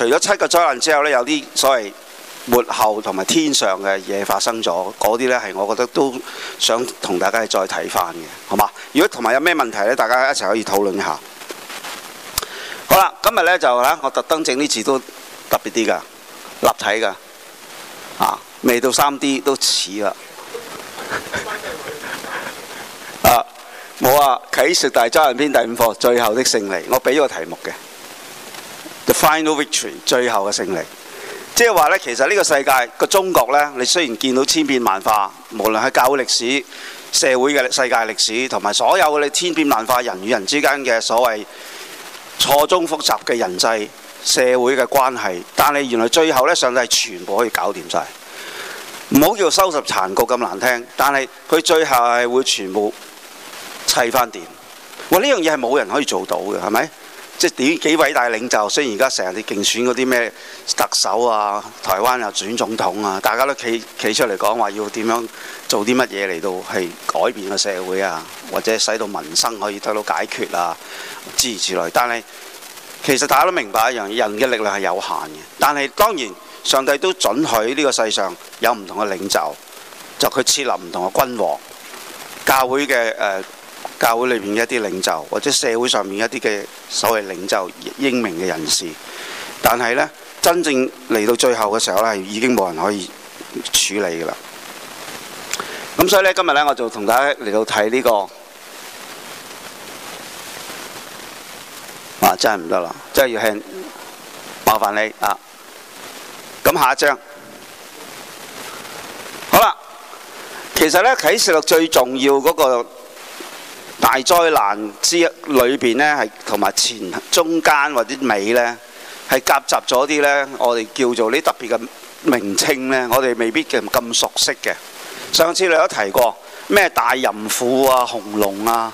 除咗七個災難之後呢，有啲所謂末後同埋天上嘅嘢發生咗，嗰啲呢係我覺得都想同大家再睇返嘅，好嘛？如果同埋有咩問題呢，大家一齊可以討論一下。好啦，今日呢就呢我特登整呢字都特別啲噶，立體噶嚇、啊，未到三 D 都似啦。冇 啊，啊！啟示錄大災難篇第五課《最後的勝利》，我俾個題目嘅。The final victory，最後嘅勝利，即係話呢，其實呢個世界個中國呢，你雖然見到千變萬化，無論係教會歷史、社會嘅世界的歷史，同埋所有你千變萬化人與人之間嘅所謂錯綜複雜嘅人際社會嘅關係，但係原來最後呢，上帝係全部可以搞掂晒。唔好叫收拾殘局咁難聽，但係佢最後係會全部砌翻掂。喂，呢樣嘢係冇人可以做到嘅，係咪？即係點幾偉大嘅領袖？雖然而家成日你競選嗰啲咩特首啊，台灣啊、選總統啊，大家都企企出嚟講話要點樣做啲乜嘢嚟到係改變個社會啊，或者使到民生可以得到解決啊，諸如此類，之類。但係其實大家都明白一樣嘢，人嘅力量係有限嘅。但係當然上帝都准許呢個世上有唔同嘅領袖，就佢設立唔同嘅君王、教會嘅誒。呃教會裏面一啲領袖，或者社會上面一啲嘅所謂領袖英明嘅人士，但係呢，真正嚟到最後嘅時候呢，已經冇人可以處理㗎啦。咁所以呢，今日呢，我就同大家嚟到睇呢個，哇！真係唔得啦，真係要向麻煩你啊。咁下一章，好啦。其實呢，啟示錄最重要嗰個。大災難之裏邊呢，係同埋前、中間或者尾呢，係夾雜咗啲呢。我哋叫做呢特別嘅名稱呢，我哋未必咁咁熟悉嘅。上次你都提過咩大淫婦啊、紅龍啊，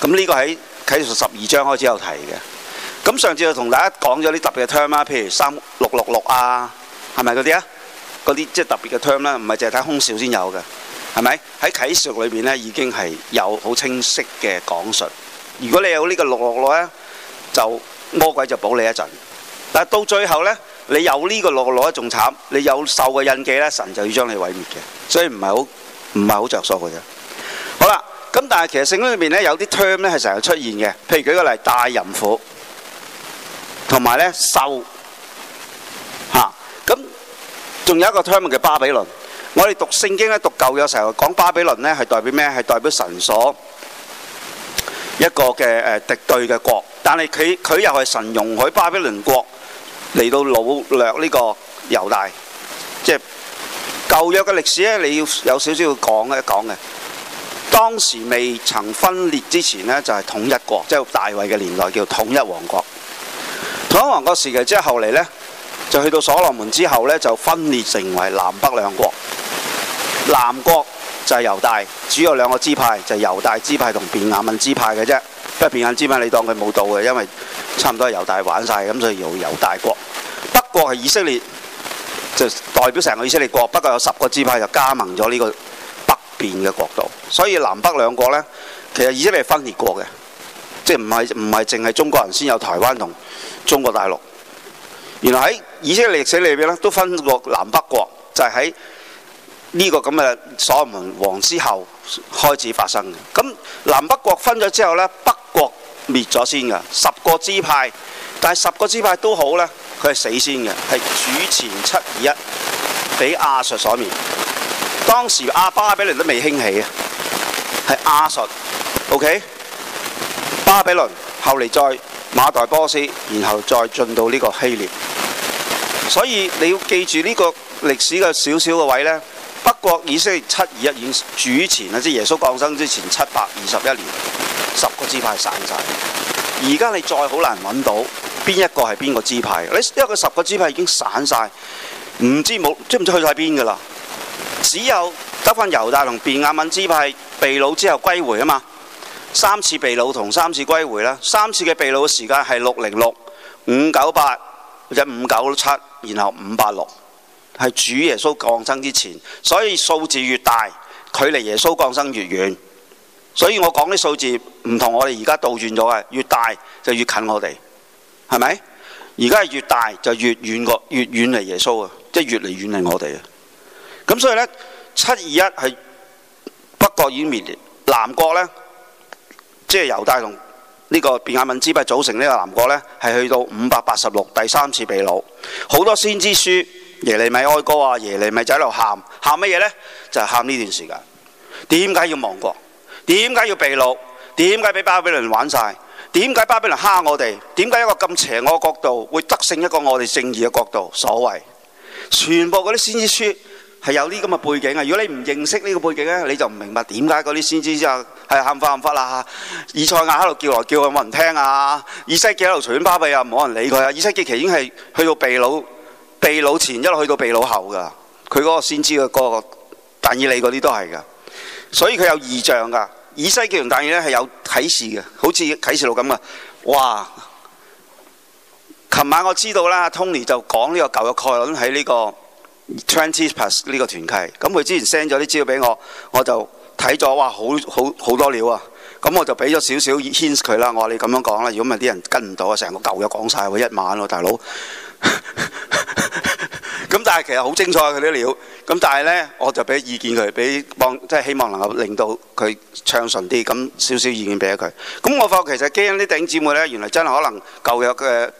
咁呢個喺啟十二章開始有提嘅。咁上次就同大家講咗啲特別嘅 term 啦，譬如三六六六啊，係咪嗰啲啊？嗰啲即係特別嘅 term 啦，唔係淨係睇《空少》先有嘅。係咪喺啟示錄裏面咧已經係有好清晰嘅講述？如果你有呢個六六六咧，就魔鬼就保你一陣。但係到最後咧，你有呢個六六六咧仲慘，你有獸嘅印記咧，神就要將你毀滅嘅。所以唔係好唔係好着數嘅啫。好啦，咁但係其實聖經裏面咧有啲 term 咧係成日出現嘅，譬如舉個例，大淫婦，同埋咧獸，嚇、啊、咁，仲有一個 term 叫巴比倫。我哋讀聖經咧，讀舊約嘅時候講巴比倫咧，係代表咩？係代表神所一個嘅誒敵對嘅國。但係佢佢又係神容許巴比倫國嚟到擄掠呢個猶大。即係舊約嘅歷史咧，你有要有少少講一講嘅。當時未曾分裂之前呢，就係、係、統一國，即係大衛嘅年代叫統一王國。統一王國時期之後嚟呢。就去到所羅門之後呢，就分裂成為南北兩國。南國就係猶大，主要兩個支派，就係、猶大支派同便雅憫支派嘅啫。因為便雅憫支派你當佢冇到嘅，因為差唔多係猶大玩晒。咁所以叫猶大國。北國係以色列，就代表成個以色列國。不過有十個支派就加盟咗呢個北邊嘅國度，所以南北兩國呢，其實以色列係分裂過嘅，即係唔係唔係淨係中國人先有台灣同中國大陸。原來喺以色列歷史裏邊都分過南北國，就喺、是、呢個咁嘅鎖門王之後開始發生嘅。咁南北國分咗之後呢，北國滅咗先㗎，十個支派，但係十個支派都好呢，佢係死先嘅，係主前七二一俾亞述所滅。當時阿巴比倫都未興起嘅，係亞述。OK，巴比倫後嚟再馬代波斯，然後再進到呢個希臘。所以你要記住呢個歷史嘅少少嘅位呢北國以色列七二一已經主前啦，即係耶穌降生之前七百二十一年，十個支派散晒。而家你再好難揾到邊一個係邊個支派，因為個十個支派已經散晒，唔知冇知唔知去曬邊噶啦。只有得翻猶大同便雅憫支派被擄之後歸回啊嘛，三次被擄同三次歸回啦，三次嘅被擄嘅時間係六零六、五九八或者五九七。然後五八六係主耶穌降生之前，所以數字越大，距離耶穌降生越遠。所以我講啲數字唔同我哋而家倒轉咗嘅，越大就越近我哋，係咪？而家係越大就越遠過，越遠離耶穌啊，即係越嚟越遠離我哋啊。咁所以呢，七二一係北國已經滅，南國呢，即係猶大同。呢、這個便雅明之輩組成呢個南國呢，係去到五百八十六，第三次被擄。好多先知書耶利米哀歌啊，耶利米仔喺度喊喊乜嘢呢？就係喊呢段時間，點解要亡國？點解要被擄？點解俾巴比倫玩晒？點解巴比倫蝦我哋？點解一個咁邪惡嘅國度會得勝一個我哋正義嘅國度？所謂全部嗰啲先知書。係有啲咁嘅背景啊！如果你唔認識呢個背景呢，你就唔明白點解嗰啲先知就係喊發喊發啦？以賽亞喺度叫來叫去冇人聽啊！以西結喺度隨便巴閉啊，冇人理佢啊！以西結其實已經係去到被擄被擄前一路去到被擄後㗎。佢嗰個先知嘅歌，但以理嗰啲都係㗎。所以佢有異象㗎。以西結同但以理係有啟示嘅，好似啟示錄咁啊！哇！琴晚我知道啦，Tony 就講呢個舊約概論喺呢個 Twenty plus 呢個團契，咁佢之前 send 咗啲資料俾我，我就睇咗，哇，好好好多料啊！咁我就俾咗少少 hints 佢啦，我話你咁樣講啦，如果唔係啲人跟唔到啊，成個舊約講晒喎，一晚喎，大佬。咁 但係其實好精彩佢啲料，咁但係呢，我就俾意見佢，俾幫即係希望能夠令到佢暢順啲，咁少少意見俾咗佢。咁我發覺其實基恩啲頂姊妹呢，原來真係可能舊約嘅。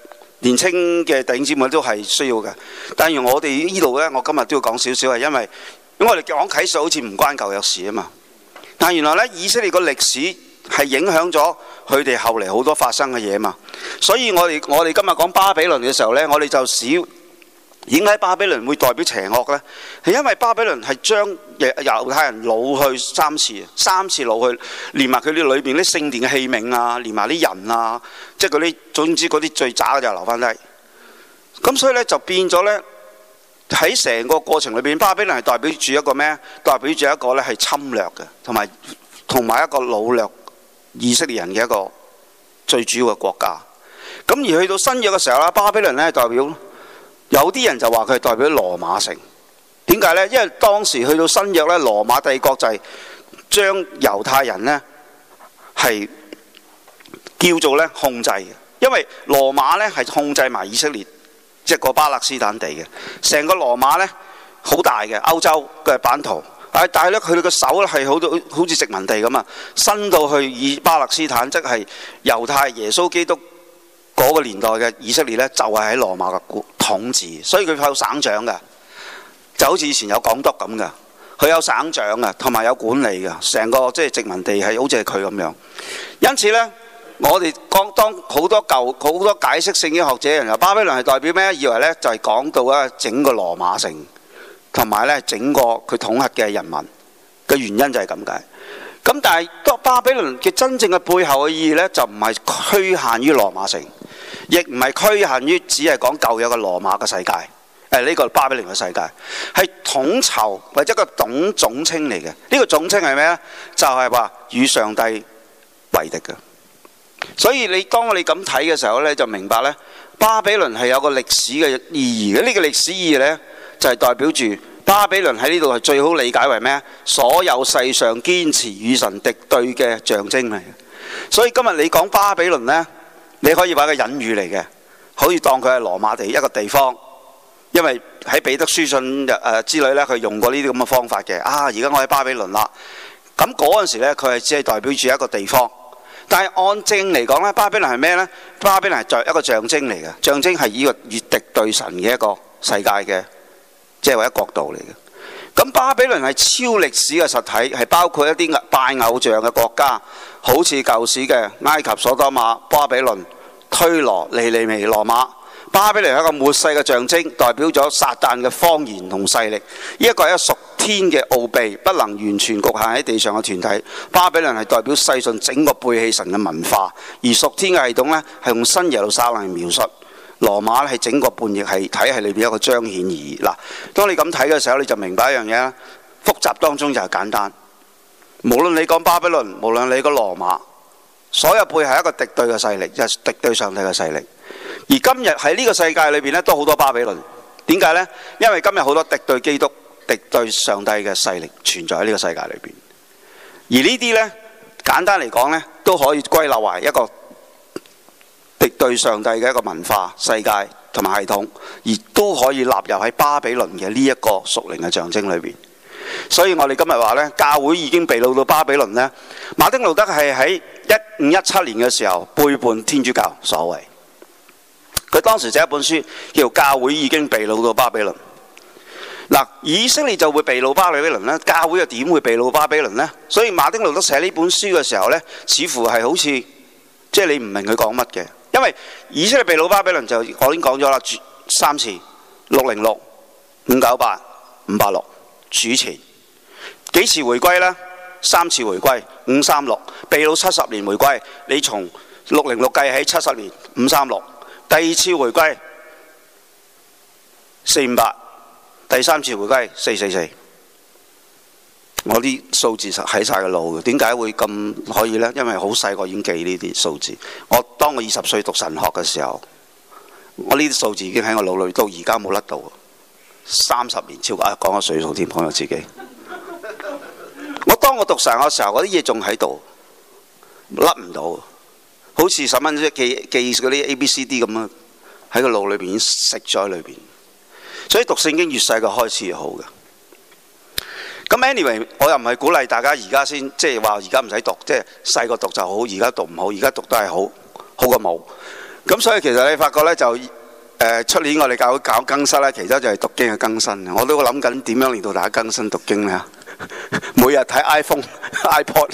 年青嘅弟兄姐妹都係需要嘅，但係我哋依度我今日都要講少少，因為我哋講啟示好似唔關舊約事嘛，但係原來咧以色列個歷史係影響咗佢哋後嚟好多發生嘅嘢嘛，所以我哋今日講巴比倫嘅時候呢，我哋就少。點解巴比倫會代表邪惡呢？係因為巴比倫係將猶太人擄去三次，三次擄去，連埋佢啲裏邊啲聖殿嘅器皿啊，連埋啲人啊，即係嗰啲總之嗰啲最渣嘅就留翻低。咁所以呢，就變咗呢，喺成個過程裏邊，巴比倫係代表住一個咩？代表住一個呢係侵略嘅，同埋同埋一個擄掠以色列人嘅一個最主要嘅國家。咁而去到新約嘅時候啦，巴比倫呢係代表。有啲人就話佢係代表羅馬城，點解呢？因為當時去到新約咧，羅馬帝國就係將猶太人呢係叫做咧控制嘅，因為羅馬呢係控制埋以色列即係個、就是、巴勒斯坦地嘅，成個羅馬呢好大嘅歐洲嘅版圖，但係咧佢哋個手係好似殖民地咁啊，伸到去以巴勒斯坦即係、就是、猶太耶穌基督。嗰個年代嘅以色列咧，就係喺羅馬嘅統治，所以佢有省長嘅，就好似以前有港督咁嘅，佢有省長嘅，同埋有管理嘅，成個即係殖民地係好似係佢咁樣。因此呢，我哋講當好多舊好多解釋聖經嘅學者，原來巴比倫係代表咩？以為呢就係講到咧整個羅馬城，同埋呢整個佢統合嘅人民嘅原因就係咁解。咁但係巴比倫嘅真正嘅背後嘅意義呢，就唔係侷限於羅馬城。亦唔係侷限於只係講舊有嘅羅馬嘅世界，誒呢個巴比倫嘅世界係統籌或者一個總總稱嚟嘅。呢個總稱係咩呢？就係話與上帝為敵嘅。所以你當我哋咁睇嘅時候呢，就明白呢，巴比倫係有個歷史嘅意義嘅。呢個歷史意義呢，就係代表住巴比倫喺呢度係最好理解為咩？所有世上堅持與神敵對嘅象徵嚟。所以今日你講巴比倫呢。你可以話佢隱喻嚟嘅，可以當佢係羅馬地一個地方，因為喺彼得書信誒之類咧，佢用過呢啲咁嘅方法嘅。啊，而家我喺巴比倫啦，咁嗰陣時咧，佢係只係代表住一個地方。但係按正嚟講咧，巴比倫係咩咧？巴比倫係象一個象徵嚟嘅，象徵係以一個異敵對神嘅一個世界嘅，即係為一個角度嚟嘅。咁巴比倫係超歷史嘅實體，係包括一啲拜偶像嘅國家。好似舊時嘅埃及、所多瑪、巴比倫、推羅、尼尼微、羅馬、巴比倫係一個末世嘅象徵，代表咗撒旦嘅謊言同勢力。呢一個係屬天嘅奧秘，不能完全局限喺地上嘅團體。巴比倫係代表世信整個背棄神嘅文化，而屬天嘅系統呢，係用新耶路撒冷嚟描述。羅馬咧係整個叛逆系體系裏面一個彰顯而已。當當你咁睇嘅時候，你就明白一樣嘢啦：複雜當中就係簡單。無論你講巴比倫，無論你個羅馬，所有配係一個敵對嘅勢力，就係敵對上帝嘅勢力。而今日喺呢個世界裏邊咧，都好多巴比倫。點解呢？因為今日好多敵對基督、敵對上帝嘅勢力存在喺呢個世界裏邊。而呢啲呢，簡單嚟講呢，都可以歸納為一個敵對上帝嘅一個文化、世界同埋系統，而都可以納入喺巴比倫嘅呢一個屬靈嘅象徵裏邊。所以我哋今日話呢，教會已經被擄到巴比倫呢。馬丁路德係喺一五一七年嘅時候背叛天主教，所謂佢當時寫一本書叫《教會已經被擄到巴比倫》。嗱，以色列就會被擄巴比倫呢。教會又點會被擄巴比倫呢？所以馬丁路德寫呢本書嘅時候呢，似乎係好似即係你唔明佢講乜嘅，因為以色列被擄巴比倫就我已經講咗啦，三次六零六五九八五八六。606, 598, 主前幾次回歸呢？三次回歸，五三六，被擄七十年回歸。你從六零六計起，七十年五三六。第二次回歸四五八，第三次回歸四四四。我啲數字喺晒個腦，點解會咁可以呢？因為好細個已經記呢啲數字。我當我二十歲讀神學嘅時候，我呢啲數字已經喺我腦裏，到而家冇甩到。三十年超過啊！講個歲數添，講到自己。我當我讀成嘅時候，嗰啲嘢仲喺度，甩唔到。好似十蚊紙記記嗰啲 A、B、C、D 咁樣，喺個腦裏邊已經食咗喺裏邊。所以讀聖經越細個開始越好嘅。咁 anyway，我又唔係鼓勵大家而家先，即係話而家唔使讀，即係細個讀就好，而家讀唔好，而家讀都係好，好過冇。咁所以其實你發覺咧就。誒、uh, 出年我哋教會搞，搞更新咧，其實就係讀經嘅更新，我都諗緊點樣令到大家更新讀經咧。 每日睇 iPhone、iPad，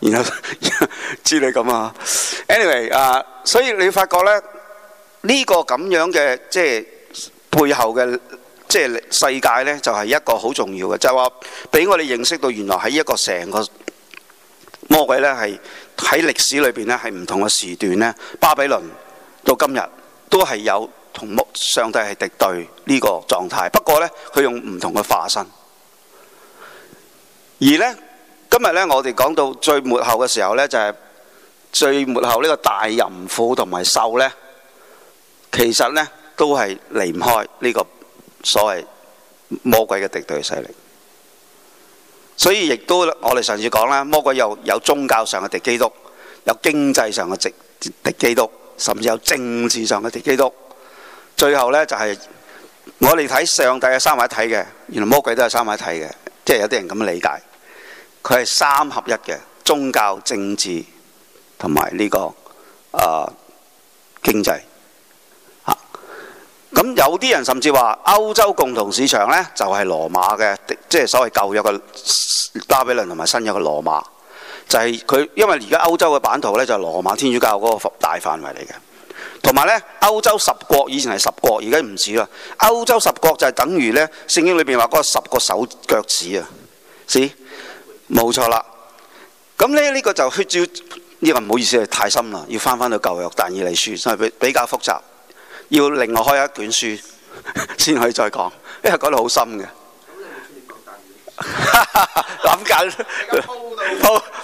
然後 之類咁啊。Anyway 啊、uh,，所以你發覺咧，呢、這個咁樣嘅即係背後嘅即係世界咧，就係、是、一個好重要嘅，就係話俾我哋認識到原來喺一個成個魔鬼咧，係喺歷史裏面咧，係唔同嘅時段咧，巴比倫到今日都係有。同木上帝係敵對呢個狀態，不過呢，佢用唔同嘅化身。而呢，今日呢，我哋講到最末後嘅時候呢，就係、是、最末後呢個大淫婦同埋獸呢，其實呢，都係離唔開呢個所謂魔鬼嘅敵對勢力。所以亦都我哋上次講啦，魔鬼又有，有宗教上嘅敵基督，有經濟上嘅敵敵基督，甚至有政治上嘅敵基督。最後呢，就係、是、我哋睇上帝嘅三位一體嘅，原來魔鬼都係三位一體嘅，即係有啲人咁理解，佢係三合一嘅宗教、政治同埋呢個啊經濟咁、啊、有啲人甚至話歐洲共同市場呢，就係、是、羅馬嘅，即、就、係、是、所謂舊有嘅巴比倫同埋新有嘅羅馬，就係、是、佢因為而家歐洲嘅版圖呢，就係、是、羅馬天主教嗰個大範圍嚟嘅。同埋咧，歐洲十國以前係十國，而家唔止啦。歐洲十國就係等於咧聖經裏面話嗰十個手腳趾啊，是冇錯啦。咁咧呢個就去照呢個唔好意思啊，太深啦，要翻翻到舊約但以理書，所以比比較複雜，要另外開一卷書先 可以再講，因為講到好深嘅。諗 緊，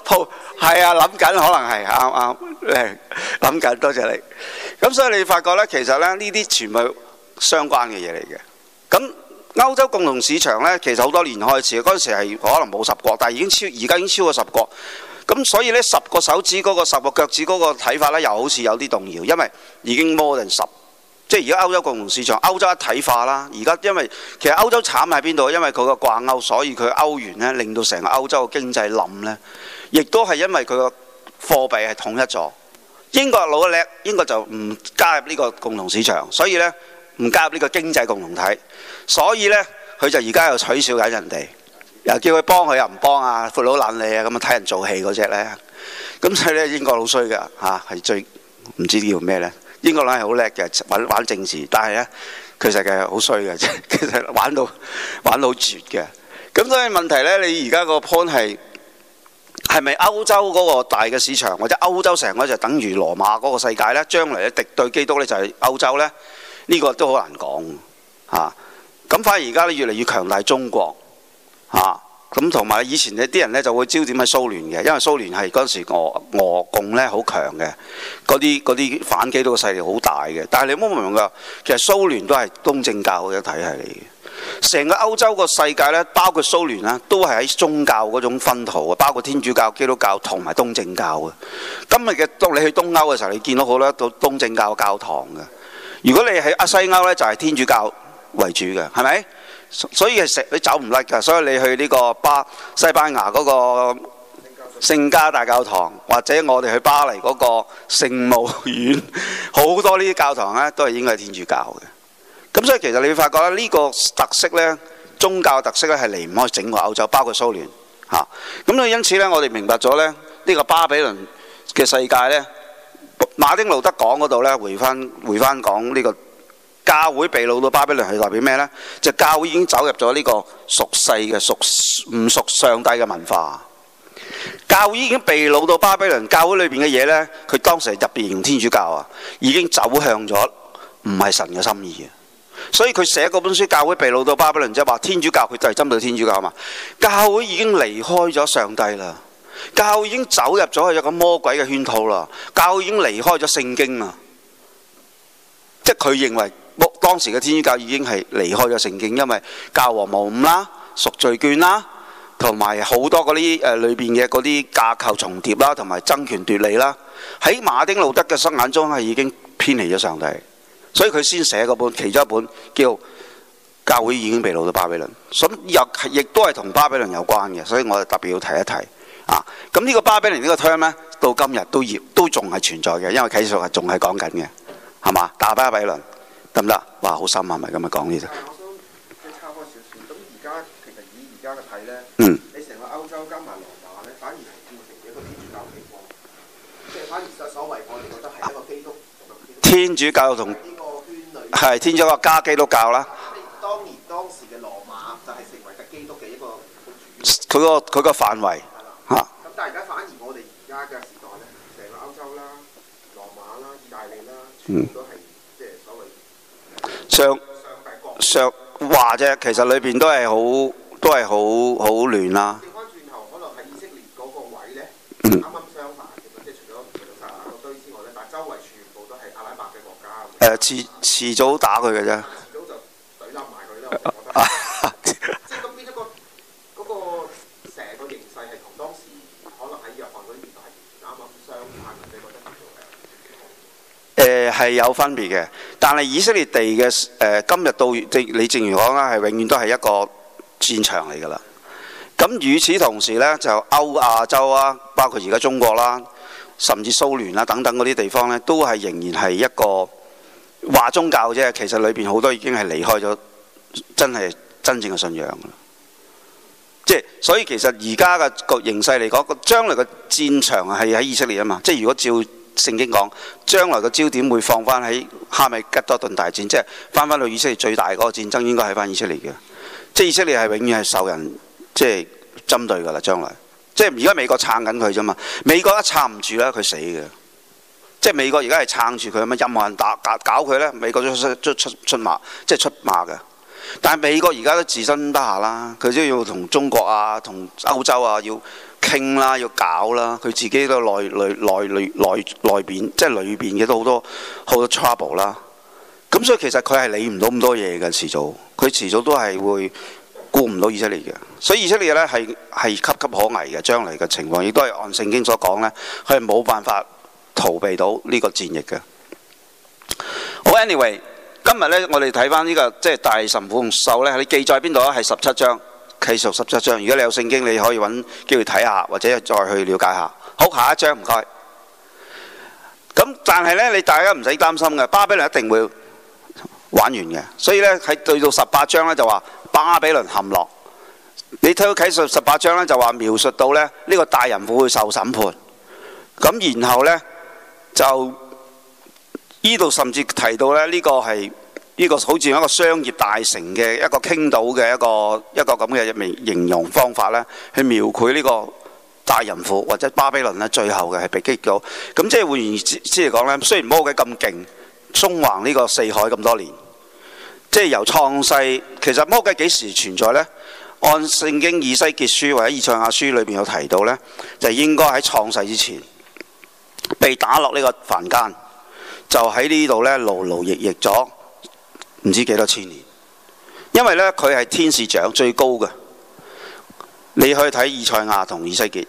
鋪係啊，諗緊可能係啱啱諗緊，多謝，謝你。咁所以你發覺呢，其實呢呢啲全部相關嘅嘢嚟嘅。咁歐洲共同市場呢，其實好多年開始，嗰陣時係可能冇十國，但係已經超而家已經超過十國。咁所以呢，十個手指嗰個十個腳趾嗰個睇法呢，又好似有啲動搖，因為已經 more than 十。即係而家歐洲共同市場，歐洲一體化啦。而家因為其實歐洲慘喺邊度？因為佢個掛鈎，所以佢歐元咧令到成個歐洲嘅經濟冧咧。亦都係因為佢個貨幣係統一咗。英國老叻，英國就唔加入呢個共同市場，所以咧唔加入呢個經濟共同體。所以咧佢就而家又取笑緊人哋，又叫佢幫佢又唔幫他，爛爛爛爛爛爛啊，闊佬懶理啊，咁樣睇人做戲嗰隻咧。咁所以咧英國老衰㗎嚇，係最唔知叫咩咧。英國人係好叻嘅，玩玩政治，但係咧，其實係好衰嘅，即其實玩到玩到好絕嘅。咁所以問題咧，你而家個 point 係係咪歐洲嗰個大嘅市場，或者歐洲成個就等於羅馬嗰個世界咧？將來咧敵對基督咧就係歐洲咧？呢、這個都好難講嚇。咁、啊、反而而家咧越嚟越強大中國嚇。啊。咁同埋以前啲人咧就會焦點喺蘇聯嘅，因為蘇聯係嗰陣時俄俄共咧好強嘅，嗰啲嗰啲反基督嘅勢力好大嘅。但係你有冇明㗎，其實蘇聯都係東正教嘅體系嚟嘅，成個歐洲個世界咧，包括蘇聯呢，都係喺宗教嗰種分途啊，包括天主教、基督教同埋東正教嘅。今日嘅當你去東歐嘅時候，你見到好多東東正教教堂嘅。如果你喺西歐咧，就係天主教為主嘅，係咪？所以係，你走唔甩㗎，所以你去呢個巴西班牙嗰個聖家大教堂，或者我哋去巴黎嗰個聖母院，好多呢啲教堂呢都係應該係天主教嘅。咁所以其實你會發覺咧呢、呢個特色呢，宗教特色呢係離唔開整個歐洲，包括蘇聯嚇。咁所以因此呢，我哋明白咗呢呢、呢個巴比倫嘅世界呢，馬丁路德講嗰度呢，回翻回翻講呢、呢個。教會被擄到巴比倫係代表咩呢？就係、教會已經走入咗呢個屬世嘅屬唔屬上帝嘅文化。教會已經被擄到巴比倫，教會裏邊嘅嘢，呢、佢當時係特別天主教啊，已經走向咗唔係神嘅心意嘅。所以佢寫嗰本書《教會被擄到巴比倫》，即係話天主教佢就係針對天主教嘛？教會已經離開咗上帝啦，教會已經走入咗一個魔鬼嘅圈套啦，教會已經離開咗聖經啊。即係佢認為。當時嘅天主教已經係離開咗聖經，因為教皇無誤啦、贖罪券啦，同埋好多嗰啲誒裏邊嘅嗰啲架構重疊啦，同埋爭權奪利啦。喺馬丁路德嘅心眼中係已經偏離咗上帝，所以佢先寫嗰本其中一本叫《教會已經被擄到巴比倫》，咁又亦都係同巴比倫有關嘅，所以我哋特別要提一提啊。咁呢個巴比倫呢個 term 咧，到今日都業都仲係存在嘅，因為啟示錄係仲係講緊嘅，係嘛打巴比倫。得唔得？哇，好深係咪咁樣講呢啲？但係我想即係差開少少，咁而家其實以而家嘅睇咧，嗯，你成個歐洲加埋羅馬咧，反而係變成一個天主教嘅地方，即係反而就所謂，我哋覺得係一個基督教同天主教同，係天主教同，係天主教加基督教啦。即係當年當時嘅羅馬就係成為個基督教嘅一個，佢個佢個範圍嚇。咁但係而家反而我哋而家嘅時代咧，成個歐洲啦、羅馬啦、意大利啦，全部都係。上上話啫，其實裏邊都係好，都係好好亂啦。翻轉頭可能係以色列嗰個位咧，啱啱相反咁，即係除咗堆之外咧，但周圍全部都係阿拉伯嘅國家。誒，遲遲早打佢嘅啫。咁就懟冧埋佢啦，即係咁，邊一個嗰個成個形勢係同當時可能喺阿富汗嗰年代啱相襯嘅，誒，係有分別嘅。但係以色列地嘅誒、呃，今日到正你正如講啦，係永遠都係一個戰場嚟㗎啦。咁與此同時呢，就歐亞洲啊，包括而家中國啦、啊，甚至蘇聯啦等等嗰啲地方呢，都係仍然係一個話宗教啫，其實裏邊好多已經係離開咗，真係真正嘅信仰㗎啦。即係所以其實而家嘅個形勢嚟講，個將來嘅戰場係喺以色列啊嘛。即係如果照聖經講將來嘅焦點會放翻喺哈密吉多頓大戰，即係翻翻到以色列最大嗰個戰爭，應該係翻以色列嘅。即係以色列係永遠係受人即係針對㗎啦，將來。即係而家美國撐緊佢啫嘛，美國一撐唔住咧，佢死嘅。即係美國而家係撐住佢，咁啊任何人打搞佢咧，美國都出出出出馬，即係出馬嘅。但係美國而家都自身得下啦，佢都要同中國啊、同歐洲啊要，傾啦，要搞啦，佢自己都內內內內內內邊，即係裏邊嘅都好多好多 trouble 啦。咁所以其實佢係理唔到咁多嘢嘅，遲早佢遲早都係會顧唔到以色列嘅。所以以色列咧係係岌岌可危嘅，將嚟嘅情況亦都係按聖經所講咧，佢係冇辦法逃避到呢個戰役嘅。好，anyway，今日咧我哋睇翻呢個即係、就是、大神父同獸咧，你記載喺邊度啊？係十七章。啟數十七章，如果你有聖經，你可以揾機會睇下，或者再去了解一下。好，下一章唔該。咁但係呢，你大家唔使擔心嘅，巴比倫一定會玩完嘅。所以呢，喺到到十八章呢，就話巴比倫陷落。你睇到啟數十八章呢，就話描述到咧呢、呢個大淫婦會受審判。咁然後呢，就呢度甚至提到咧呢、呢個係。呢個好似一個商業大城嘅一個傾倒嘅一個一個咁嘅一面形容方法呢，去描繪呢個大淫婦或者巴比倫呢，最後嘅係被擊倒。咁即係換言之嚟講呢，雖然魔鬼咁勁，縱橫呢個四海咁多年，即係由創世其實魔鬼幾時存在呢？按聖經以西結書或者以賽亞書裏邊有提到呢，就應該喺創世之前被打落呢個凡間，就喺呢度呢勞勞役役咗。努努逆逆唔知幾多千年，因為呢，佢係天使長最高嘅。你去睇以賽亞同以西結，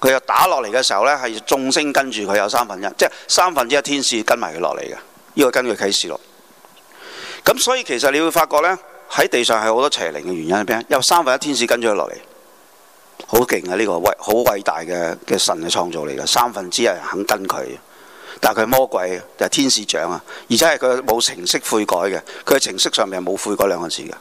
佢又打落嚟嘅時候呢，係眾星跟住佢有三分一，即係三分之一天使跟埋佢落嚟嘅。呢、這個根據啟示錄，咁所以其實你會發覺呢，喺地上係好多邪靈嘅原因係咩？有三分一天使跟住佢落嚟，好勁啊！呢、這個偉好偉大嘅嘅神嘅創造嚟嘅，三分之一人肯跟佢。但係佢係魔鬼啊，就係天使長，啊，而且係佢冇程式悔改嘅，佢程式上面係冇悔改兩個字嘅，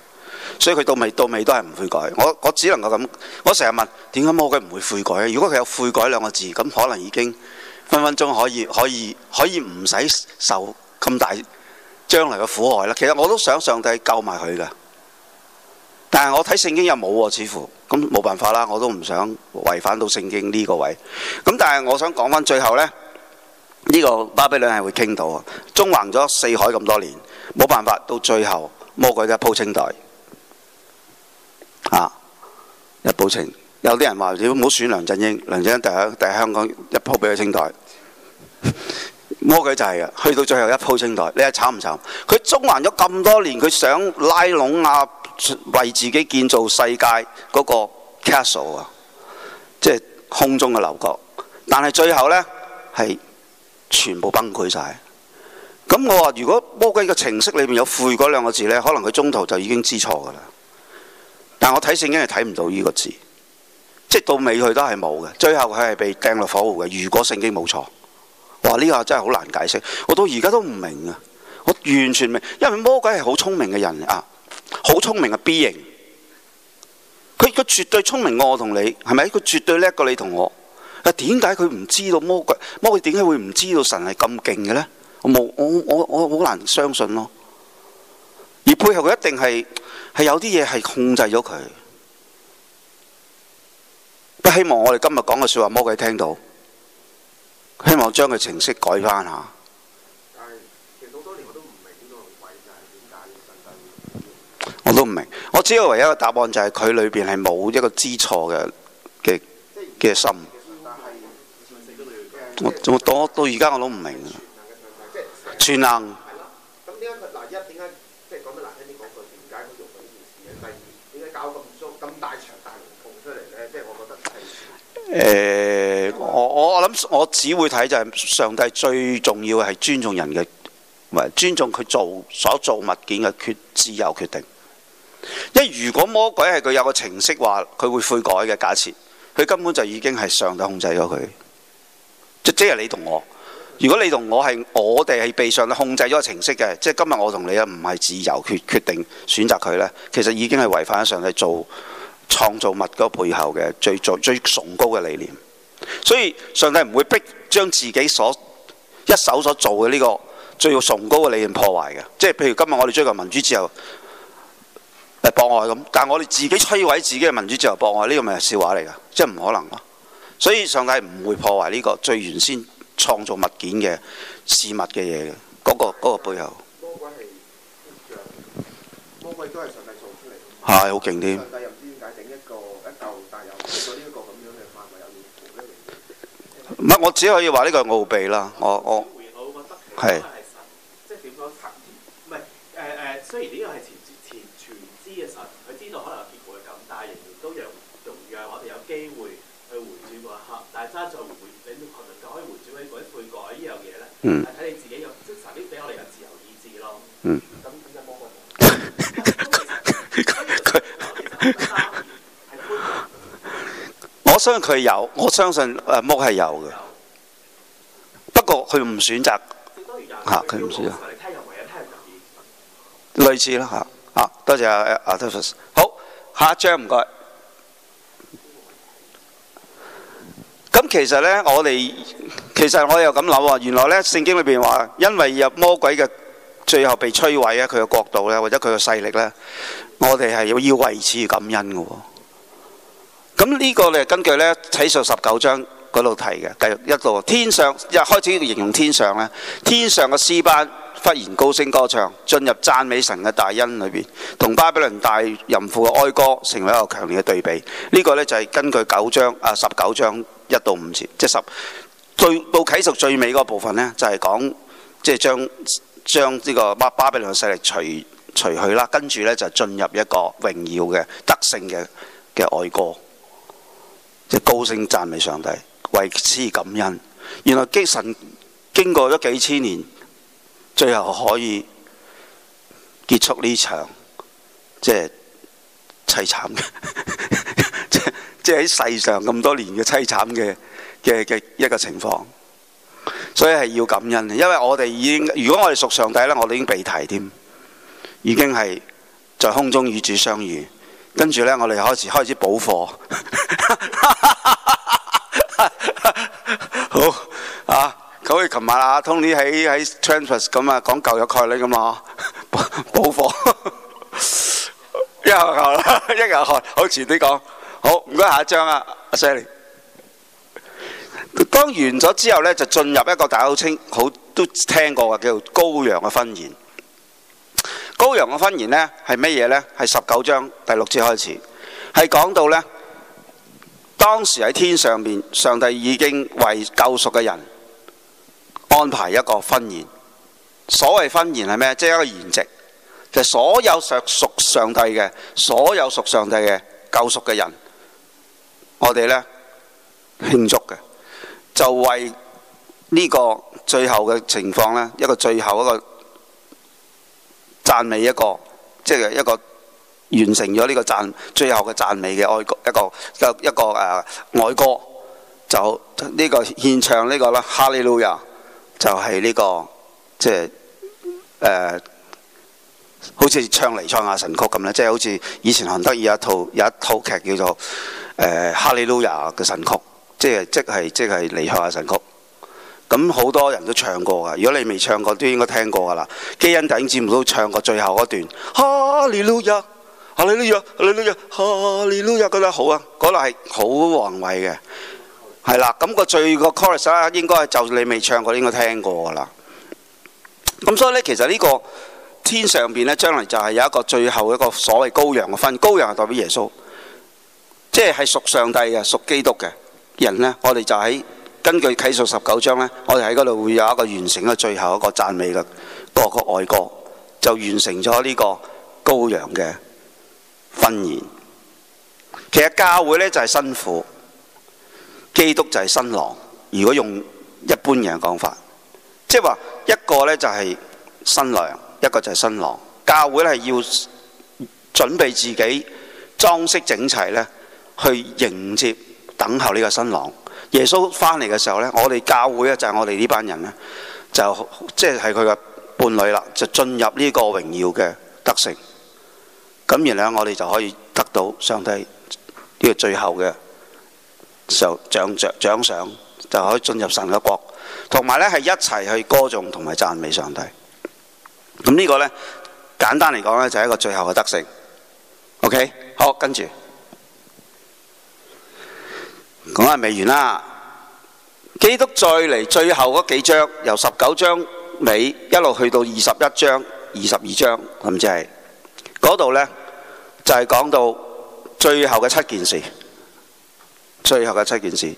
所以佢到尾到尾都係唔悔改。我我只能夠咁，我成日問點解魔鬼唔會悔改？如果佢有悔改兩個字，咁可能已經分分鐘可以可以可以唔使受咁大將來嘅苦害啦。其實我都想上帝救埋佢噶，但係我睇聖經又冇啊，似乎咁冇辦法啦。我都唔想違反到聖經呢個位。咁但係我想講翻最後呢，呢、這個巴比倫係會傾到啊！中橫咗四海咁多年，冇辦法到最後魔鬼一鋪清袋啊！一鋪清有啲人話，你唔好選梁振英，梁振英第一，第一香港一鋪俾佢清袋，魔鬼就係啊！去到最後一鋪清袋，你係慘唔慘？佢中橫咗咁多年，佢想拉攏啊，為自己建造世界嗰個 castle 啊，即係空中嘅樓閣，但係最後呢，係。全部崩潰晒。咁我話：如果魔鬼嘅程式裏面有悔嗰兩個字呢，可能佢中途就已經知錯噶啦。但我睇聖經係睇唔到呢個字，即係到尾佢都係冇嘅。最後佢係被掟落火湖嘅。如果聖經冇錯，哇！呢個真係好難解釋。我到而家都唔明啊，我完全明，因為魔鬼係好聰明嘅人嚟啊，好聰明嘅 B 型，佢，佢絕對聰明過我同你，係咪？佢絕對叻過你同我。但點解佢唔知道魔鬼？魔鬼點解會唔知道神係咁勁嘅呢？我冇我我我好難相信咯。而背後佢一定係係有啲嘢係控制咗佢。不希望我哋今日講嘅説話魔鬼聽到，希望我將佢程式改翻下。但其實好多年我都唔明白，我知道唯一嘅答案就係佢裏邊係冇一個知錯嘅嘅嘅心。我我到而家我都唔明。全能。咁點解佢嗱一點解即係講得難聽啲講句點解會用咁嘅設計？點解搞咁唔咁大場大門放出嚟咧？即係我覺得係誒我我我諗我只會睇就係上帝最重要係尊重人嘅，唔係尊重佢做所做物件嘅決自由決定。因為如果魔鬼係佢有個程式話佢會悔改嘅假設，佢根本就已經係上帝控制咗佢。即係你同我，如果你同我係我哋係被上帝控制咗個程式嘅，即係今日我同你咧唔係自由決決定選擇佢呢，其實已經係違反咗上帝做創造物嗰個背後嘅最最最崇高嘅理念。所以上帝唔會逼將自己所一手所做嘅呢個最崇高嘅理念破壞嘅。即係譬如今日我哋追求民主自由，係博愛咁，但我哋自己摧毀自己嘅民主自由博愛，呢個咪係笑話嚟㗎，即係唔可能咯。所以上帝唔會破壞呢個最原先創造物件嘅事物嘅嘢嘅，嗰個嗰個背後。魔鬼係好勁添。乜我只可以話呢個係奧秘啦，我我係。嗯。睇你自己有俾我哋嘅自由意志咯。嗯。過 我相信佢有，我相信誒剝係有嘅。不過佢唔選擇。最、啊、吓，佢唔選擇。類似啦吓啊！多謝阿阿 Thomas。好，下一張唔該。咁、嗯、其實呢，我哋。其實我又咁諗喎，原來呢聖經裏邊話，因為有魔鬼嘅最後被摧毀咧，佢嘅國度呢，或者佢嘅勢力呢，我哋係要維持感恩嘅喎。咁呢個呢，根據呢啟示十九章嗰度提嘅，繼續一度，天上一開始形容天上呢，天上嘅詩班忽然高聲歌唱，進入讚美神嘅大恩裏邊，同巴比倫大淫婦嘅哀歌成為一個強烈嘅對比。呢個呢，就係根據九章啊十九章一到五節，即係十。最到啟示最尾嗰部分呢，就係、是、講即係、就是、將將呢個巴巴比倫嘅勢力除除去啦，跟住呢，就進入一個榮耀嘅得勝嘅嘅愛歌，即、就、係、是、高聲讚美上帝，為祂感恩。原來基神經過咗幾千年，最後可以結束呢場即係凄慘嘅，即即喺世上咁多年嘅凄慘嘅。嘅嘅一個情況，所以係要感恩嘅，因為我哋已經，如果我哋屬上帝咧，我哋已經被提添，已經係在空中與主相遇，跟住咧我哋開始開始補課。 好啊，咁佢好似琴晚啊 Tony 喺喺 Transfers 咁啊講舊約概論咁嘛？補補課， 一日學一日學，好遲啲講，好唔該下一張啊，阿 Sally。講完咗之後呢，就進入一個大家好清，好都聽過嘅叫做羔羊嘅婚宴。羔羊嘅婚宴呢係乜嘢呢？係十九章第六節開始，係講到呢：當時喺天上面上帝已經為救贖嘅人安排一個婚宴。所謂婚宴係咩？即、就、係、是、一個筵席，就是、所有屬上帝嘅、所有屬上帝嘅救贖嘅人，我哋呢，慶祝嘅。就為呢個最後嘅情況呢一個最後一個讚美一個，即係一個完成咗呢個讚最後嘅讚美嘅愛歌一個一個誒、呃、愛歌，就呢、這個獻唱呢個啦。哈利路亞就係、是、呢、這個即係誒、呃，好似唱嚟唱下神曲咁咧，即係好似以前德得韓德爾有，有一套有一套劇叫做誒、呃、哈利路亞嘅神曲。即係即係即係離開阿神曲，咁好多人都唱過噶。如果你未唱過，都應該聽過噶啦。基恩大英唔幕都唱過最後嗰段。哈利路亞，哈利路亞，哈利路亞，哈利路亞，覺得好啊，嗰度係好宏偉嘅。係啦，咁、嗰個最、嗰個 chorus 應該是就你未唱過，應該聽過噶啦。咁所以呢，其實呢、呢個天上邊呢，將來就係有一個最後一個所謂羔羊嘅分，羔羊係代表耶穌，即係係屬上帝嘅，屬基督嘅。人呢，我哋就喺根據啟示十九章呢，我哋喺嗰度會有一個完成嘅最後一個讚美嘅各個外國就完成咗呢個羔羊嘅婚宴。其實教會呢，就係、是、新婦，基督就係新郎。如果用一般嘅講法，即係話一個呢，就係、是、新娘，一個就係新郎。教會係要準備自己裝飾整齊呢，去迎接。等候呢個新郎，耶穌翻嚟嘅時候咧，我哋教會啊就係我哋呢班人咧，就即係佢嘅伴侶啦，就進入呢個榮耀嘅得勝，咁然後我哋就可以得到上帝呢個最後嘅上獎獎獎賞，就可以進入神嘅國，同埋咧係一齊去歌頌同埋讚美上帝。咁呢個咧簡單嚟講咧就係一個最後嘅得勝。OK，好，跟住。講下未完啦，基督再嚟，最後嗰幾章，由十九章尾一路去到二十一章、二十二章，甚至係嗰度呢？就係、是、講到最後嘅七件事。最後嘅七件事，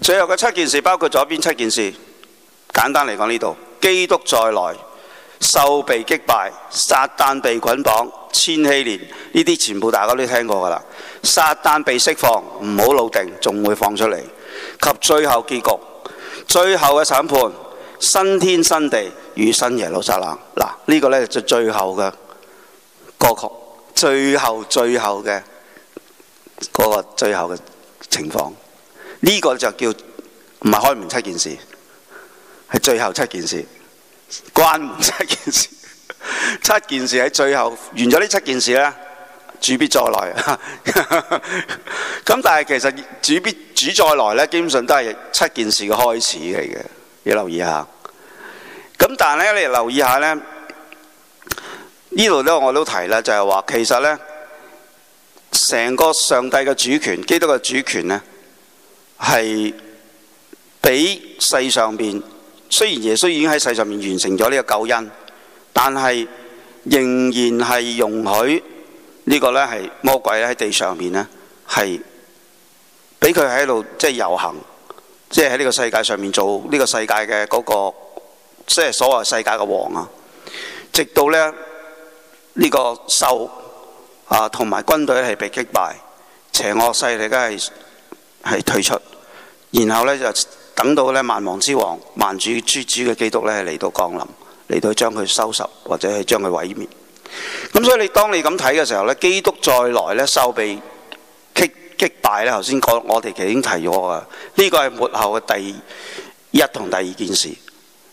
最後嘅七,七件事包括咗邊七件事？簡單嚟講呢度，基督再來。獸被擊敗，撒但被捆綁，千禧年呢啲全部大家都聽過㗎啦。撒但被釋放，唔好老定，仲會放出嚟。及最後結局，最後嘅審判，新天新地與新耶路撒冷。嗱，這個、呢個就是、最後嘅歌曲，最後最後嘅嗰、那個最後嘅情況。呢、這個就叫唔係開門七件事，係最後七件事。關門七件事，七件事喺最後完咗呢七件事呢，主必再來。咁 但係其實主必主再來呢，基本上都係七件事嘅開始嚟嘅，你要留意下。咁但係呢，你留意下呢，呢度呢，我都提啦，就係、是、話其實呢，成個上帝嘅主權、基督嘅主權呢，係畀世上邊。雖然耶穌已經喺世上面完成咗呢個救恩，但係仍然係容許呢個咧係魔鬼喺地上面咧係俾佢喺度即係遊行，即係喺呢個世界上面做呢個世界嘅嗰個即係所謂世界嘅王啊！直到咧呢個獸啊同埋軍隊係被擊敗，邪惡勢力都係係退出，然後咧就。等到咧萬王之王、萬主之主嘅基督咧嚟到降臨，嚟到將佢收拾，或者係將佢毀滅。咁所以你當你咁睇嘅時候咧，基督再來咧獸被擊擊敗咧，頭先講我哋其實已經提咗㗎。呢、呢個係末後嘅第一同第二件事，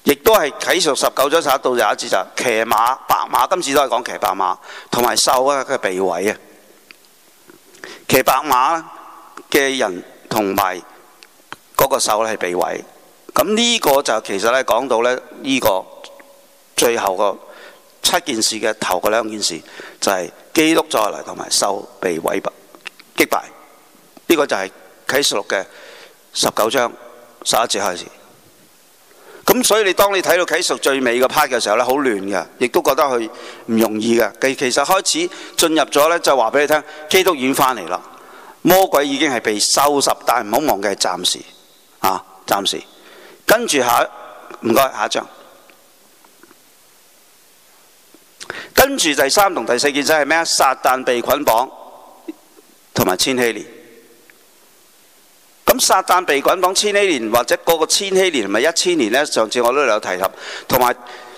亦都係啟示錄十九章十一到廿一節就騎馬、白馬。今次都係講騎白馬，同埋獸啊嘅被毀啊。騎白馬嘅人同埋。嗰、那個獸咧係被毀，咁呢個就其實咧講到咧呢個最後個七件事嘅頭嗰兩件事就係、是、基督再嚟同埋獸被毀敗擊敗呢，這個就係啟示錄嘅十九章十一節開始。咁所以你當你睇到啟示錄最尾個 part 嘅時候咧，好亂嘅，亦都覺得佢唔容易嘅。其其實開始進入咗咧，就話俾你聽，基督已經翻嚟啦，魔鬼已經係被收拾，但係唔好忘記係暫時。啊！暫時跟住下，唔該，下一張。跟住第三同第四件事係咩？撒旦被捆綁同埋千禧年。咁撒旦被捆綁千禧年，或者嗰個千禧年係咪一千年呢？上次我都有提及，同埋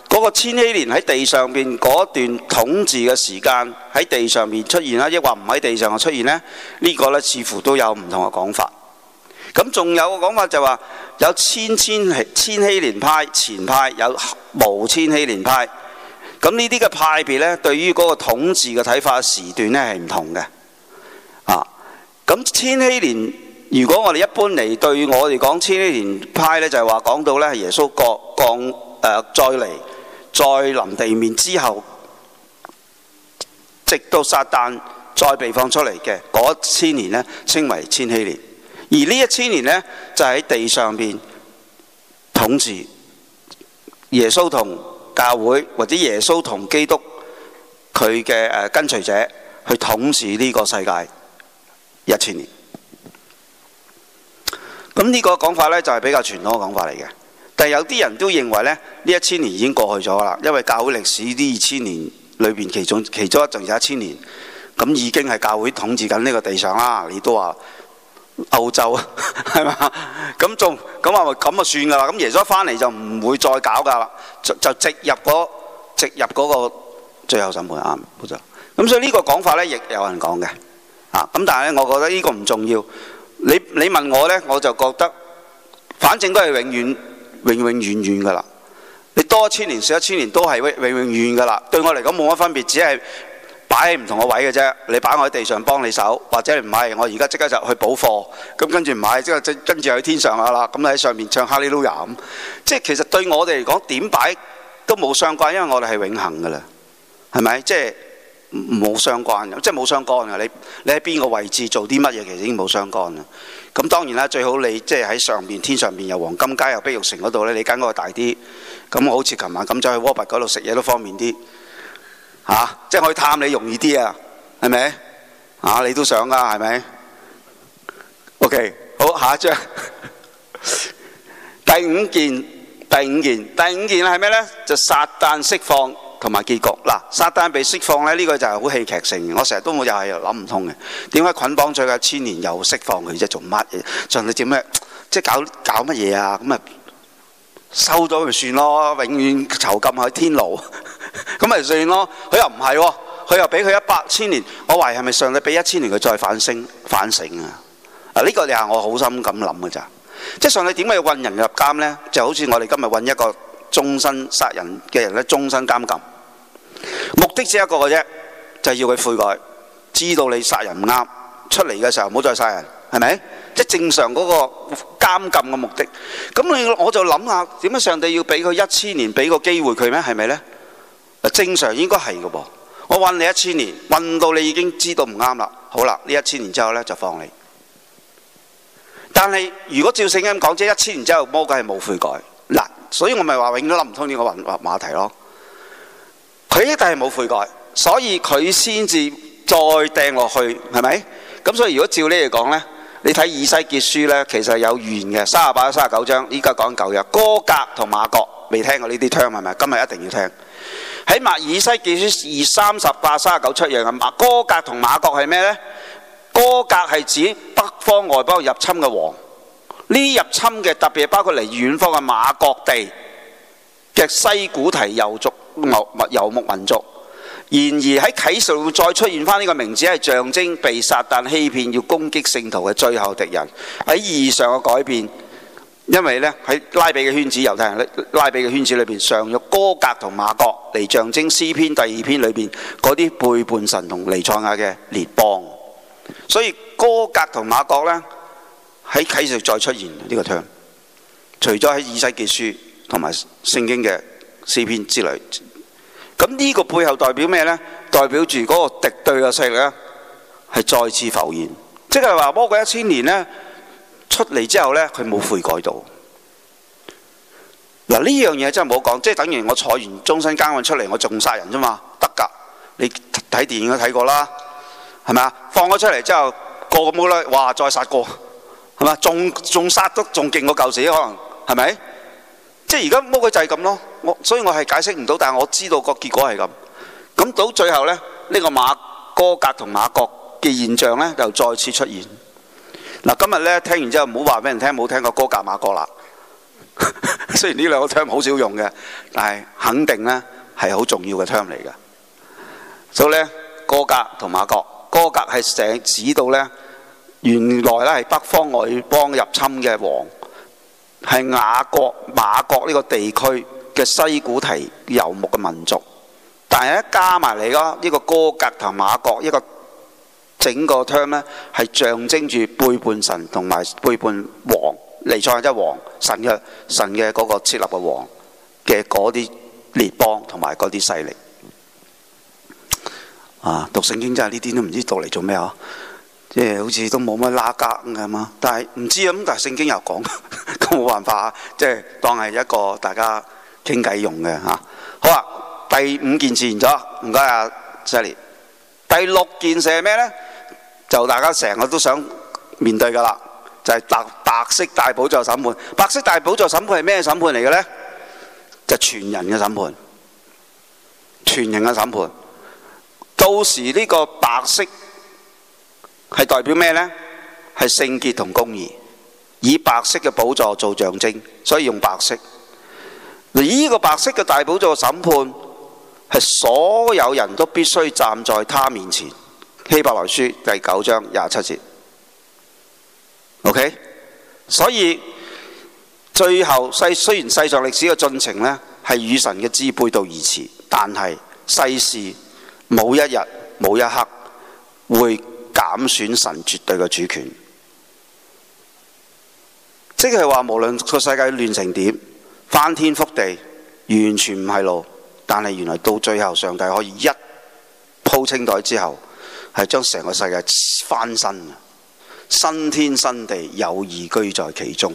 嗰個千禧年喺地上面地上邊嗰段統治嘅時間喺地上面出現啦，抑或唔喺地上出現呢？呢、呢個呢，似乎都有唔同嘅講法。咁仲有一個講法，就話有千千千禧年派、前派、有無千禧年派，咁呢啲嘅派別對於嗰個統治嘅睇法時段係唔同嘅。啊，咁千禧年如果我哋一般嚟對我嚟講，千禧年派就係話講到耶穌降降、呃、再嚟再臨地面之後，直到撒旦再被放出嚟嘅嗰千年咧，稱為千禧年。而呢一千年呢，就喺、是、地上邊統治耶穌同教會，或者耶穌同基督佢嘅、誒跟隨者去統治呢個世界一千年。咁呢個講法呢，就係、是、比較傳統嘅講法嚟嘅。但係有啲人都認為呢，呢一千年已經過去咗啦，因為教會歷史呢，二千年裏邊其中其中一陣有一,一千年，咁已經係教會統治緊呢個地上啦。你都話。歐洲啊，係嘛？咁仲咁話咪咁就算㗎啦！咁耶穌翻嚟就唔會再搞㗎啦，就直入嗰、嗰個、個最後審判，啱冇錯。咁所以呢個講法呢，亦有人講嘅嚇。咁、啊、但係咧，我覺得呢個唔重要。你你問我呢，我就覺得反正都係永遠永永遠遠㗎啦。你多一千年少一千年都係永永永遠㗎啦。對我嚟講冇乜分別，只係，擺喺唔同個位嘅啫，你擺我喺地上幫你手，或者你唔係，我而家即刻就去補貨。咁跟住唔買，即係跟住去天上下啦！咁喺上面唱哈利路亞咁。即係其實對我哋嚟講，點擺都冇相關，因為我哋係永恆噶啦，係咪？即係冇相關嘅，即係冇相干嘅。你你喺邊個位置做啲乜嘢，其實已經冇相干啦。咁當然啦，最好你即係喺上面，天上邊有黃金街、有碧玉城嗰度咧，你揀個大啲。咁好似琴晚咁，走去蝸拔嗰度食嘢都方便啲。嚇、啊，即係可以探你容易啲啊，係咪？嚇、啊，你都想㗎，係咪？OK，好，下一張。 第五件，第五件，第五件係咩咧？就撒旦釋放同埋結局嗱、啊，撒旦被釋放咧，呢、呢個就係好戲劇性嘅。我成日都冇又係又諗唔通嘅，點解捆綁咗個千年又釋放佢啫？做乜嘢？盡力做咩？即係搞搞乜嘢啊？咁啊，收咗咪算咯，永遠囚禁喺天牢。咁 咪算咯？佢又唔係，佢又俾佢一百千年。我懷疑係咪上帝俾一千年佢再反省、反省啊？啊，呢個你係我好心咁諗噶咋？即係上帝點解要困人入監呢？就好似我哋今日困一個終身殺人嘅人咧，終身監禁，目的只一個嘅啫，就係、是、要佢悔改，知道你殺人唔啱，出嚟嘅時候唔好再殺人，係咪？即係正常嗰個監禁嘅目的。咁你我就諗下，點解上帝要俾佢一千年俾個機會佢咩？係咪呢？正常應該係嘅，我問你一千年，問到你已經知道唔啱啦，好啦，呢一千年之後呢，就放你。但係如果照聖經講，即一千年之後，魔鬼係冇悔改嗱，所以我咪話永都諗唔通呢個問話話題咯，佢一定係冇悔改，所以佢先至再掟落去，係咪？咁所以如果照呢來講呢，你睇以西結書呢，其實有預言嘅，三十八三十九章，而家講九日，哥格同馬各未聽過呢啲聽，係咪？今日一定要聽。喺馬耳西記書二三十八、三十九出現嘅嘛？哥格同馬國係咩咧？哥格係指北方外邦入侵嘅王，呢入侵嘅特別係包括嚟遠方嘅馬國地嘅西古提遊族遊牧民族。然而喺啟數再出現翻呢個名字，係象徵被撒但欺騙要攻擊聖徒嘅最後敵人，喺意義上嘅改變。因為咧喺拉比嘅圈子、猶太人拉比嘅圈子裏邊，上咗哥格同馬國嚟象徵詩篇第二篇裏邊嗰啲背叛神同尼賽亞嘅列邦。所以哥格同馬國呢，喺啟示再出現呢，呢個 term，除咗喺以西結書同埋聖經嘅詩篇之類。咁呢個背後代表咩呢？代表住嗰個敵對嘅勢力咧，係再次浮現。即係話過一千年呢。出嚟之後呢，佢冇悔改到。嗱，呢樣嘢真係冇講，即係等於我坐完終身監獄出嚟，我仲殺人啫嘛，得㗎？你睇電影都睇過啦，係咪啊？放咗出嚟之後，個咁嘅咧，哇！再殺過，係咪啊？仲仲殺得仲勁過舊時，可能係咪？即係而家魔鬼就係咁咯。我所以我係解釋唔到，但係我知道個結果係咁。咁到最後呢，呢個馬哥格同馬國嘅現象呢，又再次出現。嗱，今日咧聽完之後，唔好話俾人聽冇聽過哥格馬國啦。 雖然呢兩個 term 好少用嘅，但係肯定咧係好重要嘅 term 嚟嘅。所以咧，哥格同馬國，哥格係成指到咧，原來咧係北方外邦入侵嘅王，係雅國馬國呢個地區嘅西古提遊牧嘅民族。但係一加埋嚟咯，呢、呢個哥格同馬國一、呢個。整個 term 呢係象徵住背叛神同埋背叛王，尼賽即係王神嘅神嘅嗰個設立嘅王嘅嗰啲列邦同埋嗰啲勢力啊！讀聖經真係呢啲都唔知道讀嚟做咩啊？即係好似都冇乜拉格咁嘅嘛。但係唔知啊，咁但係聖經又講，冇 辦法啊，即係當係一個大家傾偈用嘅嚇、啊。好啊，第五件事完咗，唔該啊，Sally。Sally。第六件事係咩呢？就大家成個都想面對㗎喇，就係、是、白色大寶座審判。白色大寶座審判係咩審判嚟嘅呢？就是、全人嘅審判，全人嘅審判。到時呢個白色係代表咩呢？係聖潔同公義，以白色嘅寶座做象徵，所以用白色。而呢、這個白色嘅大寶座審判。係所有人都必須站在他面前。希伯來書第九章廿七節，OK。所以最後世雖然世上歷史嘅進程呢係與神嘅旨背道而馳，但係世事冇一日冇一刻會減損神絕對嘅主權。即係話，無論個世界亂成點，翻天覆地，完全唔係路。但係原來到最後，上帝可以一鋪清袋之後，係將成個世界翻身啊！新天新地，有義居在其中。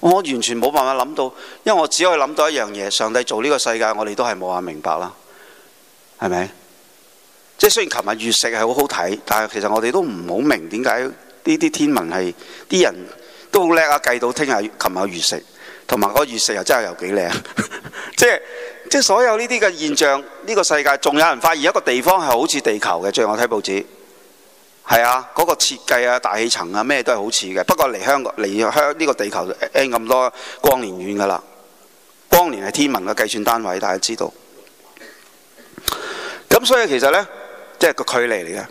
我完全冇辦法諗到，因為我只可以諗到一樣嘢：上帝做呢個世界，我哋都係冇話明白啦。係咪？即係雖然琴日月食係好好睇，但係其實我哋都唔好明點解呢啲天文係啲人都好叻啊，計到聽日琴日月食，同埋個月食又真係又幾靚。即係即係所有呢啲嘅現象，呢個世界仲有人發現一個地方係好似地球嘅。最後我睇報紙，係啊，嗰個設計啊、大氣層啊咩都係好似嘅，不過離香離香呢個地球 n 咁多光年遠噶啦，光年係天文嘅計算單位，大家知道。咁所以其實呢，即係個距離嚟嘅。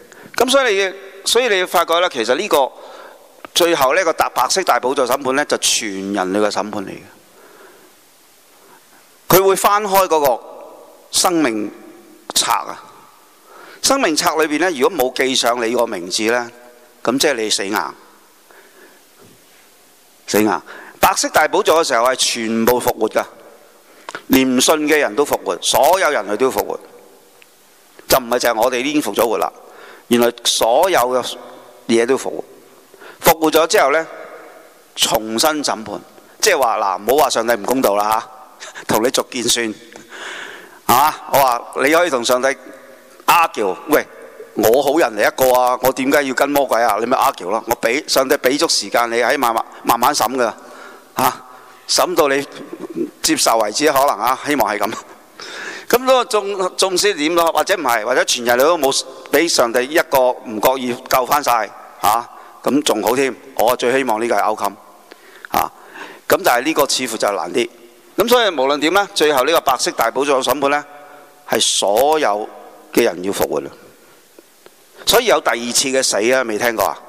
咁所以你所以你發覺呢，其實呢個最後呢個白色大寶座審判呢，就全人類嘅審判嚟嘅。佢會翻開嗰個生命冊啊！生命冊裏面呢，如果冇記上你個名字呢，咁即係你死硬死硬。白色大寶座嘅時候係全部復活㗎，連唔信嘅人都復活，所有人佢都復活，就唔係淨係我哋已經復咗活啦。原來所有嘅嘢都復活，復活咗之後呢，重新審判，即係話嗱，唔好話上帝唔公道啦同你逐件算，啊！我話你可以同上帝拗撬喂，我好人嚟一個啊，我點解要跟魔鬼啊？你咪拗撬咯，我俾上帝俾足時間你喺慢慢審噶，吓審、啊、到你接受為止，可能啊，希望係咁。咁都仲先點咯？或者唔係？或者全日你都冇俾上帝一個唔覺意救翻晒，吓咁仲好添。我最希望呢個係 outcome，啊！咁但係呢個似乎就難啲。咁所以無論點咧，最後呢個白色大寶座審判咧，係所有嘅人要復活啦。所以有第二次嘅死啊，未聽過啊？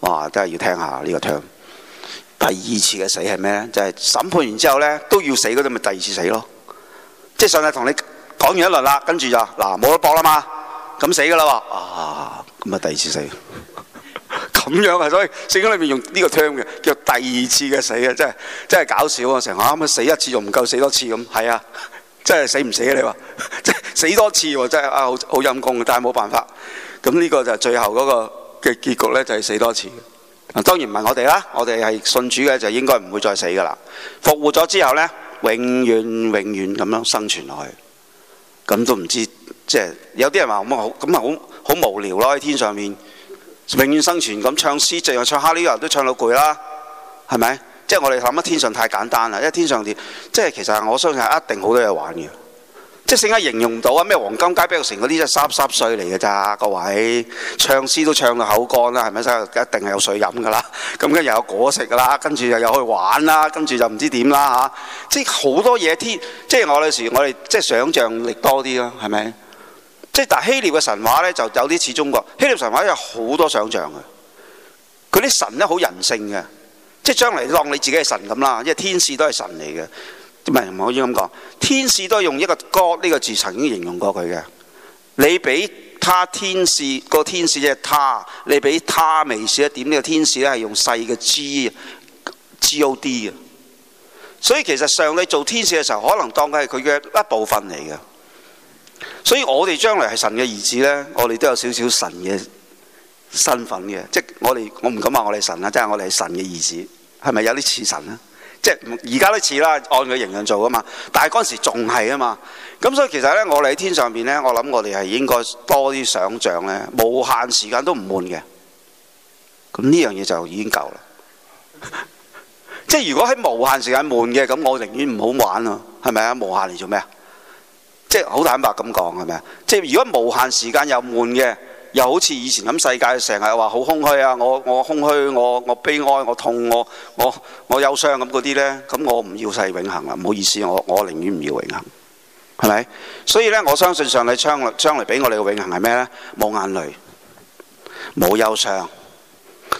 哇，真係要聽一下呢個 term。第二次嘅死係咩咧？就係、是、審判完之後咧，都要死嗰啲咪第二次死咯。即係上帝同你講完一輪啦，跟住就嗱冇得搏啦嘛，咁死㗎啦喎。啊，咁啊那第二次死。咁 樣啊，所以聖經裏面用呢個 term 嘅。第二次嘅死嘅，真係真係搞笑啊！成日啱死一次仲唔夠死多次咁，係啊，真係死唔死啊？你話，即係死多次喎，真係啊，好好陰功嘅。但係冇辦法，咁呢個就係最後嗰個嘅結局咧，就係、是、死多次、啊。當然唔係我哋啦，我哋係信主嘅，就應該唔會再死㗎啦。復活咗之後咧，永遠永遠咁樣生存落去。咁都唔知，即、就、係、是、有啲人話咁好，咁係好好無聊咯。喺天上面永遠生存，咁唱詩，淨係唱哈利路亞都唱到攰啦。係咪？即係我哋諗得天上太簡單啦，因為天上殿即係其實我相信係一定好多嘢玩嘅，即係成日形容唔到啊！咩黃金街、碧玉城嗰啲，即係濕濕碎嚟嘅咋，各位唱詩都唱到口乾啦，係咪？一定係有水飲噶啦，咁跟住又有果食噶啦，跟住又有去玩啦，跟住就唔知點啦吓，即係好多嘢天，即係我哋時我哋即係想像力多啲啦，係咪？即係但係希臘嘅神話咧，就有啲似中國希臘神話，有好多想像嘅。佢啲神咧好人性嘅。即係將嚟當你自己係神咁啦，因為天使都係神嚟嘅，唔係唔可以咁講。天使都係用一個哥呢、這個字曾經形容過佢嘅。你俾他天使、那個天使即係他，你俾他微小一點，呢、這個天使咧係用細嘅 G，G O D。所以其實上帝做天使嘅時候，可能當佢係佢嘅一部分嚟嘅。所以我哋將來係神嘅兒子咧，我哋都有少少神嘅。身份嘅，即係我哋，我唔敢話我哋神啦，即係我哋係神嘅兒子，係咪有啲似神咧？即係而家都似啦，按佢形象做啊嘛。但係嗰陣時仲係啊嘛。咁所以其實咧，我哋喺天上邊咧，我諗我哋係應該多啲想像咧，無限時間都唔悶嘅。咁呢樣嘢就已經夠啦。 即係如果喺無限時間悶嘅，咁我寧願唔好玩咯、啊，係咪啊？無限嚟做咩啊？即係好坦白咁講係咪啊？即係如果無限時間又悶嘅。又好似以前咁，世界成日話好空虛啊！我我空虛，我我悲哀，我痛，我我我憂傷咁嗰啲呢。咁我唔要世永恒喇！唔好意思，我我寧願唔要永恒，係咪？所以呢，我相信上帝將來將來俾我哋嘅永恒係咩呢？冇眼淚，冇憂傷，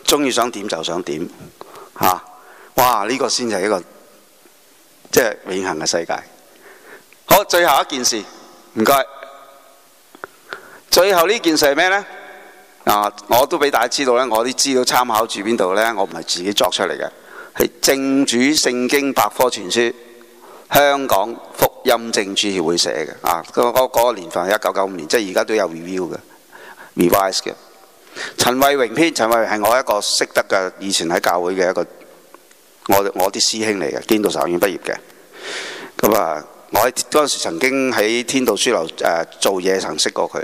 中意想點就想點，吓、啊！哇！呢、這個先係一個即係、就是、永恒嘅世界。好，最後一件事，唔該。最後呢件事係咩呢？啊，我都俾大家知道呢，我啲資料參考住邊度呢？我唔係自己作出嚟嘅，係證主聖經百科全書，香港福音證主協會寫嘅啊。嗰、嗰個年份係一九九五年，即係而家都有 review 嘅、revised 嘅。陳慧榮編，陳慧榮係我一個識得嘅，以前喺教會嘅一個我我啲師兄嚟嘅，天道神學院畢業嘅。咁啊，我喺嗰陣時曾經喺天道書樓誒、呃、做嘢，曾識過佢。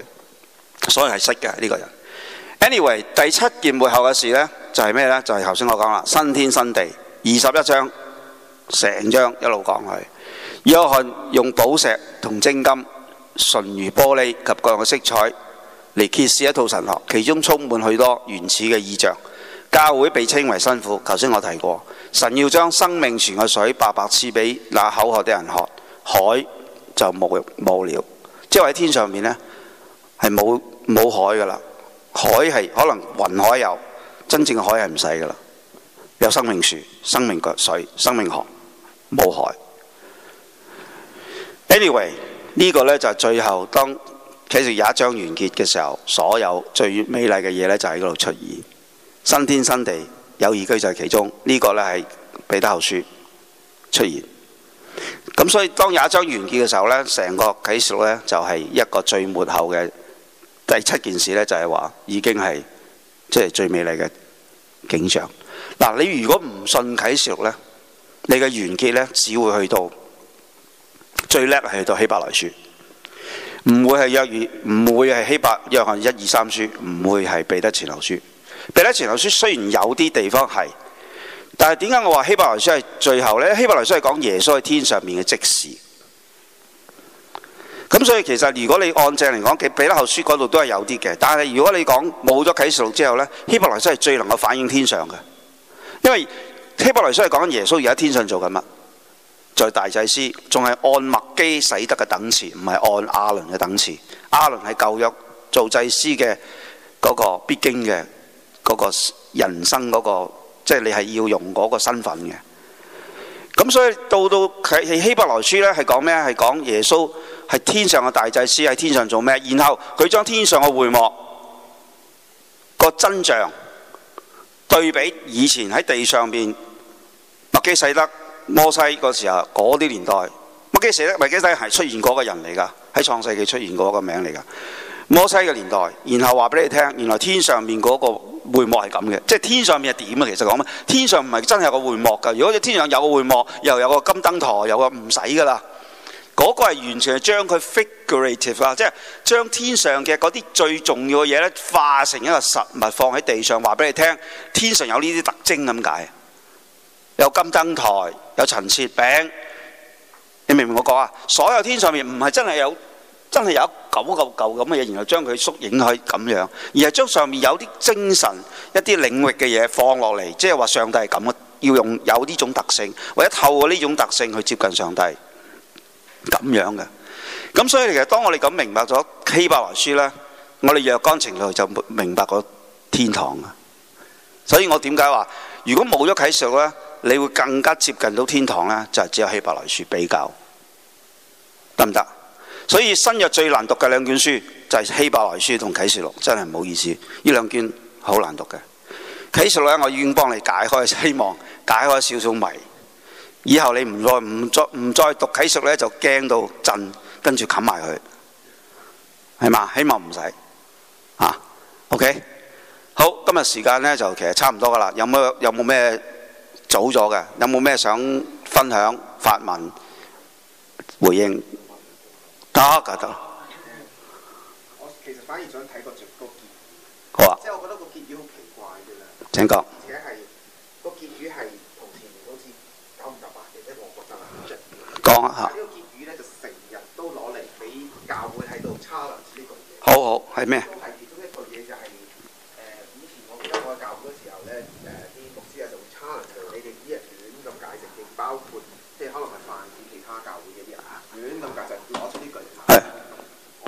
所以係識嘅呢、呢個人。Anyway，第七件末後嘅事呢，就係、是、咩呢？就係頭先我講啦，新天新地二十一章，成章一路講去。約翰用寶石同精金、純如玻璃及各樣嘅色彩嚟揭示一套神學，其中充滿許多原始嘅意象。教會被稱為新婦，頭先我提過，神要將生命泉嘅水白白賜俾那口渴的人喝，海就無冇了，即係喺天上面呢，係冇。冇海噶啦，海係可能雲海有，真正嘅海係唔使噶啦。有生命樹、生命水、生命河，冇海。Anyway，呢個呢就係、是、最後當啟廿一章完結嘅時候，所有最美麗嘅嘢，呢就喺嗰度出現。新天新地，有義居就係其中。呢、這個呢係彼得後書出現。咁所以當廿一章完結嘅時候呢，成個啟示錄咧就係、是、一個最末後嘅。第七件事呢，就係話已經係即係最美麗嘅景象。嗱，你如果唔信啟示錄呢，你嘅完結呢，只會去到最叻，去到希伯來書，唔會係約二，唔會係希伯約翰一二三書，唔會係彼得前後書。彼得前後書雖然有啲地方係，但係點解我話希伯來書係最後呢？希伯來書係講耶穌喺天上面嘅即時。所以其實如果你按正嚟講，佢彼得後書嗰度都係有啲嘅。但係如果你講冇咗啟示錄之後呢，《希伯來書》係最能夠反映天上嘅，因為《希伯來書》係講耶穌而家天上做緊乜，在、就是、大祭司，仲係按麥基洗德嘅等次，唔係按亞倫嘅等次。亞倫係舊約做祭司嘅嗰個必經嘅嗰個人生嗰、那個，即、就、係、是、你係要用嗰個身份嘅。咁所以到到希希伯來書呢，是講咩？是講耶穌是天上嘅大祭司，喺天上做咩，然後佢將天上嘅會幕、那個真相對比以前喺地上面麥基洗德、摩西嗰時候嗰啲年代，麥基洗德、麥基洗德是出現過嘅人嚟噶，喺創世紀出現過嘅名嚟噶，摩西嘅年代。然後話俾你聽，原來天上面嗰個。會幕係咁嘅，即係天上邊係點啊？其實講乜？天上唔係真係有個會幕噶，如果只天上有個會幕，又有個金燈台，有個唔使噶啦，嗰、嗰個係完全係將佢 figurative 啦，即係將天上嘅嗰啲最重要嘅嘢呢化成一個實物放喺地上，話俾你聽，天上有呢啲特徵咁解，有金燈台，有陳設餅，你明唔明我講啊？所有天上邊唔係真係有。真係有一嚿一嚿嚿咁嘅嘢，然後將佢縮影喺咁樣，而係將上面有啲精神、一啲領域嘅嘢放落嚟，即係話上帝係咁嘅，要用有呢種特性，或者透過呢種特性去接近上帝，咁樣嘅。咁所以其實當我哋咁明白咗希伯來書呢，我哋若干程度就明白咗天堂啊。所以我點解話，如果冇咗啟示呢，你會更加接近到天堂呢，就係只有希伯來書比較得唔得？所以新約最難讀嘅兩卷書就係、是、希伯來書同啟示錄，真係唔好意思。呢兩卷好難讀嘅。啟示錄呢，我已經幫你解開，希望解開少少謎。以後你唔再唔再唔再讀啟示錄呢，就驚到震，跟住冚埋佢，係嘛？希望唔使嚇。OK，好，今日時間呢就其實差唔多噶啦。有冇有冇咩早咗嘅？有冇咩想分享、發問、回應？得噶得，我其實反而想睇個結個結語，即係我覺得個結語好奇怪嘅啦。請講，而且係個結語係同前面好似九唔搭八嘅，即係我覺得啦。講一下，呢個結語咧就成日都攞嚟俾教會喺度叉呢個。好好係咩？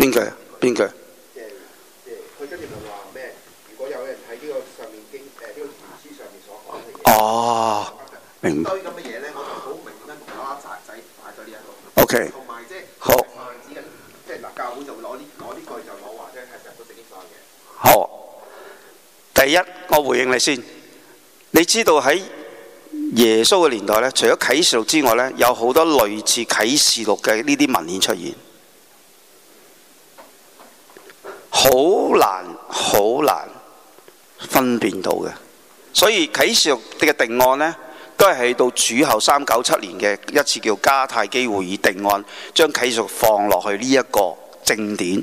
邊句？邊句？佢跟住就話咩？如果有人喺呢個上面經，呢個書上面所講嘅嘢，哦，明堆咁嘅嘢咧，我就好明點解拉曬仔擺咗呢一個。O K。同埋即係好。好。即係嗱，教會就攞呢攞呢句就攞話咧係人都正義化嘅。好，第一我回應你先，你知道喺耶穌嘅年代咧，除咗啟示錄之外咧，有好多類似啟示錄嘅呢啲文件出現。好難、好難分辨到嘅，所以啟示錄嘅定案呢，都係喺到主後三九七年嘅一次叫加太基會議定案，將啟示錄放落去呢一個正典。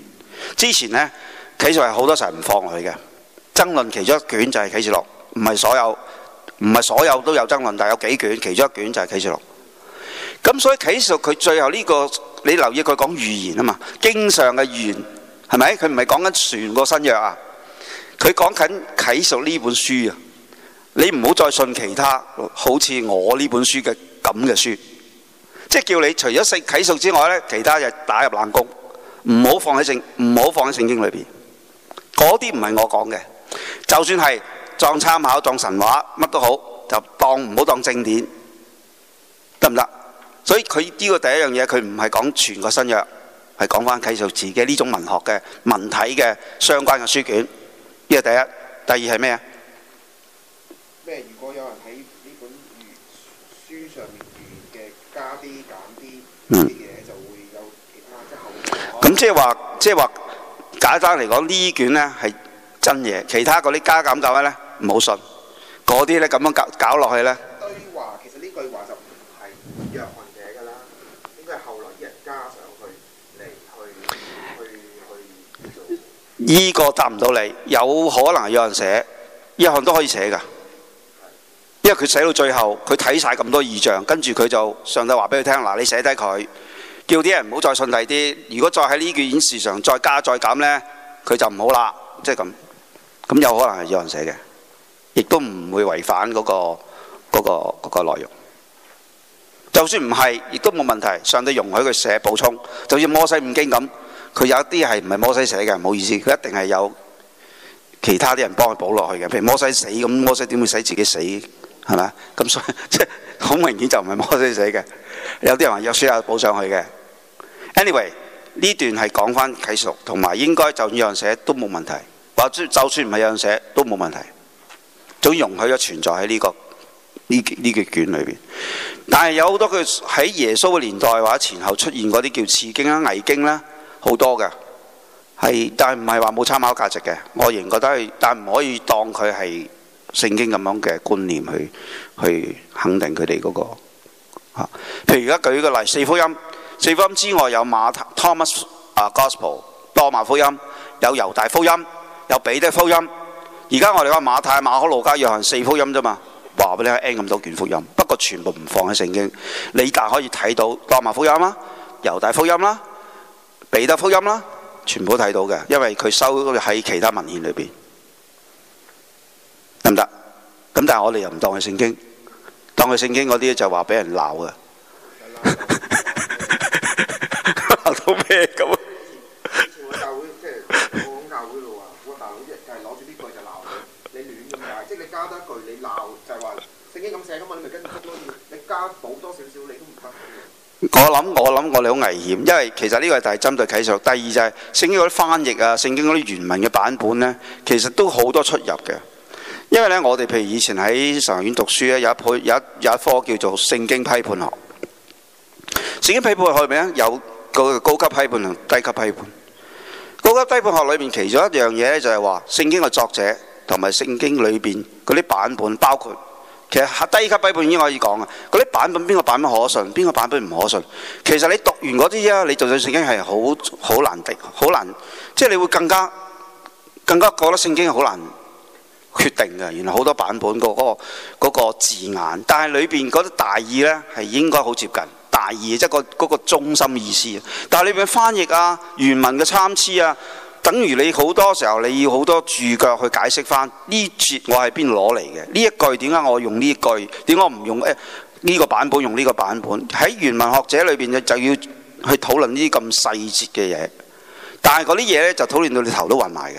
之前咧，啟示錄係好多時候唔放佢嘅，爭論其中一卷就係啟示錄，唔係所有，唔係所有都有爭論，但有幾卷，其中一卷就係啟示錄。咁所以啟示錄佢最後呢、這個，你留意佢講預言啊嘛，經常嘅預言。係咪？佢唔係講緊全個新約啊，佢講緊啟示呢本書啊。你唔好再信其他，好似我呢本書嘅咁嘅書，即係叫你除咗聖啟示之外咧，其他就打入冷宮，唔好放喺聖，唔好放喺聖經裏邊。嗰啲唔係我講嘅，就算係當參考，當神話，乜都好，就當唔好當正典，得唔得？所以佢呢、這個第一樣嘢，佢唔係講全個新約。係講翻啟示自己呢種文學嘅文體嘅相關嘅書卷。呢個第一，第二係咩啊？咩？如果有人喺呢本書上面嘅加啲減啲啲嘢，這就會有其他即係後期。咁即係話，即係話簡單嚟講，呢卷呢係真嘢，其他嗰啲加減咁咩咧，唔好信。嗰啲咧咁樣搞搞落去咧。呢、這個答唔到你，有可能有人寫，一項都可以寫噶，因為佢寫到最後，佢睇晒咁多異象，跟住佢就上帝話俾佢聽，嗱你寫低佢，叫啲人唔好再信第啲，如果再喺呢句演事上再加再減呢，佢就唔好啦，即係咁，咁有可能係有人寫嘅，亦都唔會違反嗰、那個嗰、那個內、那個那個、容，就算唔係，亦都冇問題，上帝容許佢寫補充，就似摩西五經咁。佢有啲係唔係摩西寫嘅，唔好意思，佢一定係有其他啲人幫佢補落去嘅。譬如摩西死咁，摩西點會使自己死係咪？咁所以即係好明顯就唔係摩西寫嘅。有啲人話約書亞補上去嘅。Anyway 呢段係講翻啟示同埋應該就咁樣寫都冇問題，或者就算唔係咁樣寫都冇問題，總容許咗存在喺呢、呢個呢呢、呢個呢個、卷裏面。但係有好多句喺耶穌嘅年代或者前後出現嗰啲叫次經啦、偽經啦。好多嘅，係但係唔係話冇參考價值嘅，我仍覺得係，但唔可以當佢係聖經咁樣嘅觀念去去肯定佢哋嗰個啊。譬如而家舉個例，四福音，四福音之外有馬太 Thomas 啊、uh, Gospel 多馬福音，有猶大福音，有彼得福音。而家我哋講馬太、馬可、路加、約翰四福音啫嘛，話俾你聽 N 咁多卷福音，不過全部唔放喺聖經，你但可以睇到多馬福音啦，猶大福音啦。彼得福音啦，全部睇到嘅，因為佢收喺其他文獻裏邊，得唔得？咁但係我哋又唔當佢聖經，當佢聖經嗰啲就話俾人鬧嘅，鬧到咩咁啊？以前我喺教會即係我講教會嗰度啊，我大佬就係攞住呢句就鬧你，你亂咁？即係你加多一句，你鬧就係話聖經咁寫咁，我哋咪跟住多啲。你加補多少少，你都唔得。我諗我諗我哋好危險，因為其實呢個就係針對啟示。第二就係、是、聖經嗰啲翻譯啊，聖經嗰啲原文嘅版本呢，其實都好多出入嘅。因為呢，我哋譬如以前喺神學院讀書呢，有一派有一有一科叫做聖經批判學。聖經批判學入面有個高級批判同低級批判。高級批判學裏面其中一樣嘢咧，就係話聖經嘅作者同埋聖經裏邊嗰啲版本包括。其實係低級版本已經可以講啊！嗰啲版本邊個版本可信，邊個版本唔可信？其實你讀完嗰啲啊，你讀咗聖經係好好難定，好難，即係、就是、你會更加更加覺得聖經係好難決定嘅。原來好多版本嗰、嗰個嗰、嗰個嗰個字眼，但係裏邊嗰啲大意呢，係應該好接近大意、嗰個，即、嗰、係個嗰中心意思。但係裏邊翻譯啊、原文嘅參差啊。等於你好多時候，你要好多注腳去解釋翻呢節，節我係邊攞嚟嘅？呢一句點解我用呢句？點解我唔用？呢、哎呢個版本用呢個版本？喺原文學者裏面就要去討論呢啲咁細節嘅嘢。但係嗰啲嘢咧，就討論到你頭都暈埋嘅。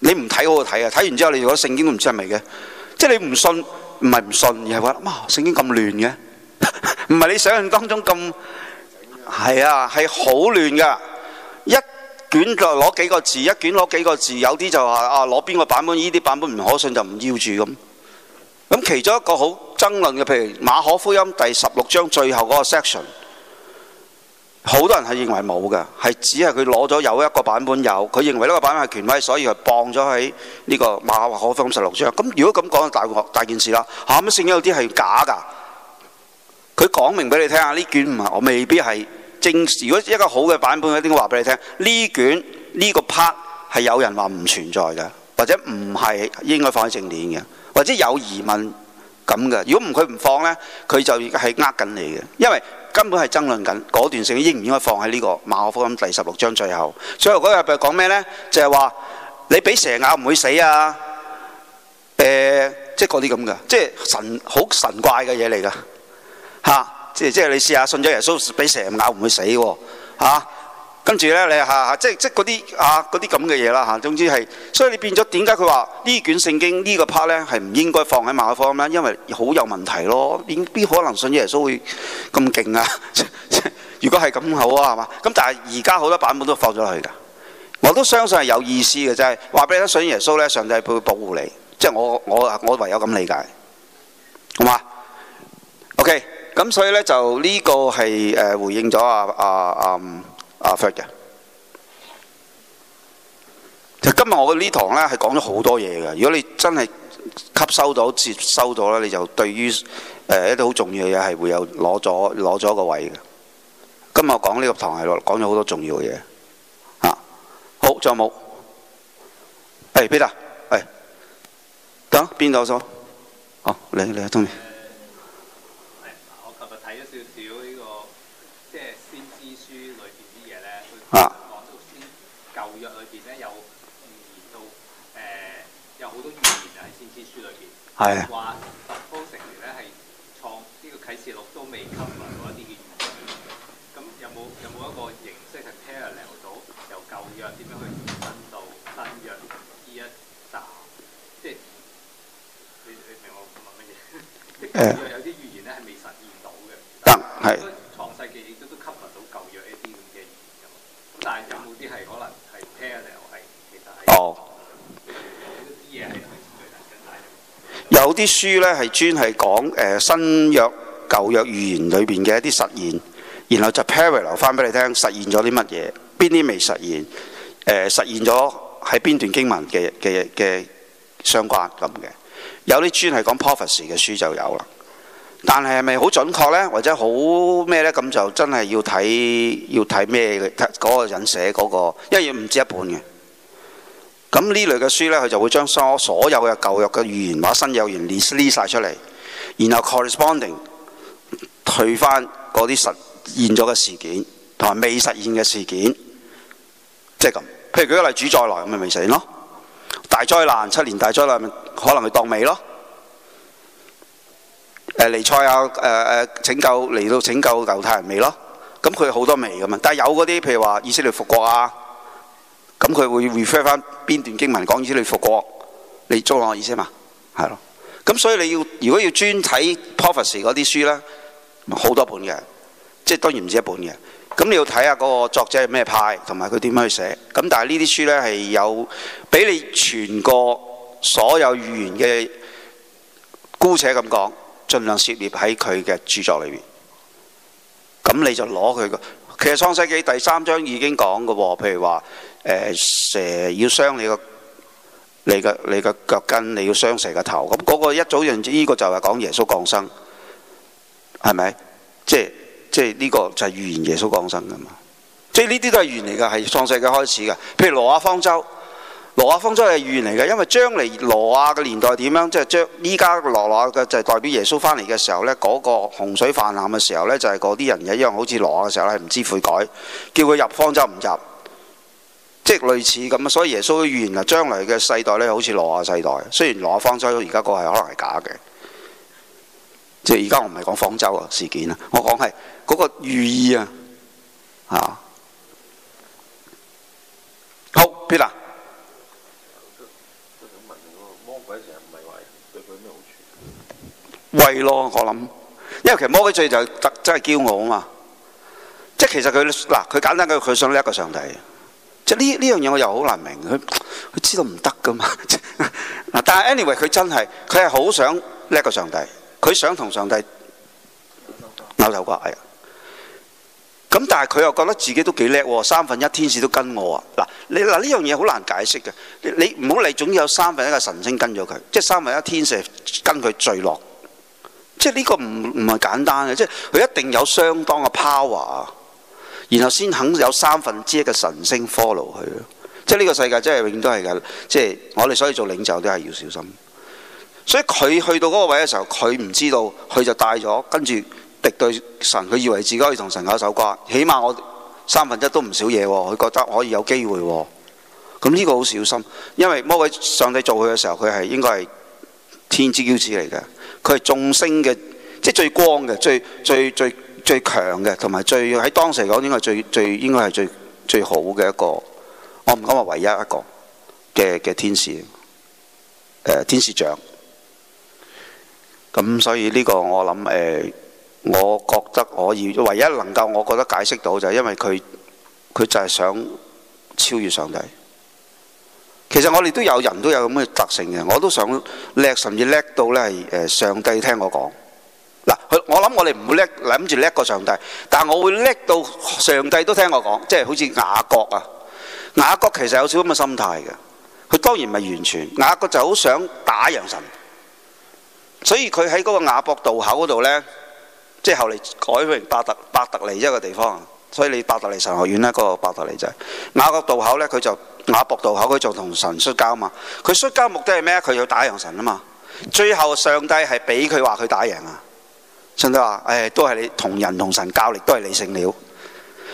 你唔睇好睇啊！睇完之後，你如果聖經都唔知係咪嘅，即係你唔信，唔係唔信，而係話：哇、哦，聖經咁亂嘅，唔係你想象當中咁。係啊，係好亂噶一。卷就攞幾個字，一卷攞幾個字，有啲就話啊攞邊個版本？呢啲版本唔可信就唔要住咁。咁其中一個好爭論嘅，譬如馬可福音第十六章最後嗰個 section，好多人係認為冇嘅，係只係佢攞咗有一個版本有，佢認為呢個版本係權威，所以佢放咗喺呢個馬可福音十六章。咁如果咁講，大大件事啦，嚇乜聖經有啲係假㗎？佢講明俾你聽下，啊，呢卷唔係我未必係。正如果一個好嘅版本，我定講話俾你聽？呢卷呢個 part 係有人話唔存在嘅，或者唔係應該放喺正典嘅，或者有疑問咁嘅。如果唔佢唔放咧，佢就係呃緊你嘅，因為根本係爭論緊，嗰段性應唔應該放喺呢個馬可福音第十六章最後。最後嗰日咪講咩咧？就係話你俾蛇咬唔會死啊！誒、呃，即係嗰啲咁嘅，即係神好神怪嘅嘢嚟㗎嚇。啊即係你試下信咗耶穌，俾蛇咬唔會死喎、啊啊、跟住咧你嚇、啊，即係即係嗰啲啊啲咁嘅嘢啦嚇。總之係，所以你變咗點解佢話呢卷聖經呢個 part 咧係唔應該放喺馬可福音咧？因為好有問題咯。邊可能信耶穌會咁勁啊？ 如果係咁好啊，係嘛？咁但係而家好多版本都放咗去噶。我都相信係有意思嘅，就係話俾你聽，信耶穌咧，上帝會保護你。即係我我我唯有咁理解，好嘛？OK。咁所以咧就呢個係、呃、回應咗啊啊啊啊 Fred 嘅。就今日我嘅呢堂咧係講咗好多嘢嘅。如果你真係吸收到接收到咧，你就對於誒、呃、一啲好重要嘅嘢係會有攞咗攞咗個位嘅。今日我講呢個堂係講咗好多重要嘅嘢。啊，好，仲有冇？誒、欸、邊、欸、啊？誒等邊度坐？好嚟嚟，正面。啊話特區成員咧係創呢個啟示錄都未 cover 到一啲嘅，咁有冇有冇一個形式係 parallel 到由舊約點樣去延伸到新約呢一？啲書呢係專係講、呃、新約舊約預言裏面嘅一啲實現，然後就 parallel 翻俾你聽實現咗啲乜嘢，邊啲未實現？誒、呃、實現咗喺邊段經文嘅嘅嘅相關咁嘅。有啲專係講 prophecy 嘅書就有啦。但係係咪好準確呢？或者好咩呢？咁就真係要睇要睇咩嘅？嗰、嗰個人寫嗰、嗰個，因為唔只一本嘅。咁呢類嘅書呢，佢就會將所有嘅舊約嘅預言話新約預言 list 曬出嚟，然後 corresponding 退返嗰啲實現咗嘅事件同埋未實現嘅事件，即係咁。譬如舉個例子，主再來咁咪未實現囉。大災難七年大災難，可能佢當未囉。誒尼賽亞、呃、拯救嚟到拯救猶太人未囉。咁佢好多未咁，但有嗰啲譬如話以色列復國呀、啊。咁佢會 refer 翻邊段經文講以你復復國，你中我意思嘛？係咯。咁所以你要如果要專睇 Prophecy 嗰啲書呢，好多本嘅，即係當然唔止一本嘅。咁你要睇下個作者係咩派，同埋佢點樣去寫。咁但係呢啲書呢，係有俾你全個所有語言嘅，姑且咁講，盡量涉獵喺佢嘅著作裏面。咁你就攞佢個。其實創世紀第三章已經講嘅喎，譬如話。誒、呃、蛇要傷你個，你個你個腳跟，你要傷蛇個頭。咁、那、嗰個一早就，呢、這個就係講耶穌降生，係咪？即係即係呢個就係預言耶穌降生噶嘛。即係呢啲都係預言嚟噶，係創世紀開始噶。譬如挪亞方舟，挪亞方舟係預言嚟嘅，因為將嚟挪亞嘅年代點樣，即係將依家挪挪亞嘅就係代表耶穌翻嚟嘅時候咧，嗰、那個洪水泛濫嘅時候咧，就係嗰啲人一樣好似挪亞嘅時候咧，係唔知悔改，叫佢入方舟唔入。即係類似咁，所以耶穌嘅預言啊，將嚟嘅世代咧，好似羅亞世代。雖然羅亞方舟而家個係可能係假嘅，即係而家我唔係講方舟啊事件啊，我講係嗰個寓意啊嚇、啊。好，Peter。魔鬼成日唔係壞事，對佢有咩好處？為咯，我諗，因為其實魔鬼最就真係驕傲啊嘛，即其實佢嗱佢簡單嘅佢想一個上帝。即呢呢樣嘢我又好難明，佢佢知道唔得噶嘛，嗱 但係 anyway 佢真係佢係好想叻過上帝，佢想同上帝扭手瓜咁，但係佢又覺得自己都幾叻喎，三分一天使都跟我啊。嗱你嗱，呢樣嘢好難解釋嘅，你唔好理，總有三分一嘅神星跟咗佢，即係三分一天使跟佢墜落，即係呢個唔唔係簡單嘅，即係佢一定有相當嘅 power。然後先肯有三分之一嘅神星 follow 佢，即係呢、這個世界真係永遠都係噶，即係我哋所以做領袖都係要小心。所以佢去到嗰個位嘅時候，佢唔知道，佢就帶咗跟住敵對神，佢以為自己可以同神有一手瓜，起碼我三分之一都唔少嘢，佢覺得可以有機會。咁呢個好小心，因為魔鬼上帝做佢嘅時候，佢係應該係天之驕子嚟嘅，佢係眾星嘅，即係最光嘅，最最最。最最強嘅，同埋最喺當時嚟講，應該最最應該係最最好嘅一個。我唔敢話唯一一個嘅嘅天使，誒、呃，天使長。咁所以呢個我諗誒、呃，我覺得可以，唯一能夠我覺得解釋到就係因為佢佢就係想超越上帝。其實我哋都有人都有咁嘅特性嘅，我都想叻，甚至叻到呢係、呃、上帝聽我講。嗱，佢我諗我哋唔會叻，諗住叻過上帝，但係我會叻到上帝都聽我講，即係好似雅各啊。雅各其實有少少咁嘅心態嘅，佢當然唔係完全。雅各就好想打贏神，所以佢喺嗰個雅博渡口嗰度呢，即係後嚟改名伯特伯特利一個地方，所以你伯特利神學院呢，嗰個伯特利就係雅博渡口呢，佢就雅博渡口，佢就同神摔跤啊嘛。佢摔跤目的係咩？佢要打贏神啊嘛。最後上帝係俾佢話佢打贏啊。上帝話：誒、哎，都係你同人同神較力，都係你勝了。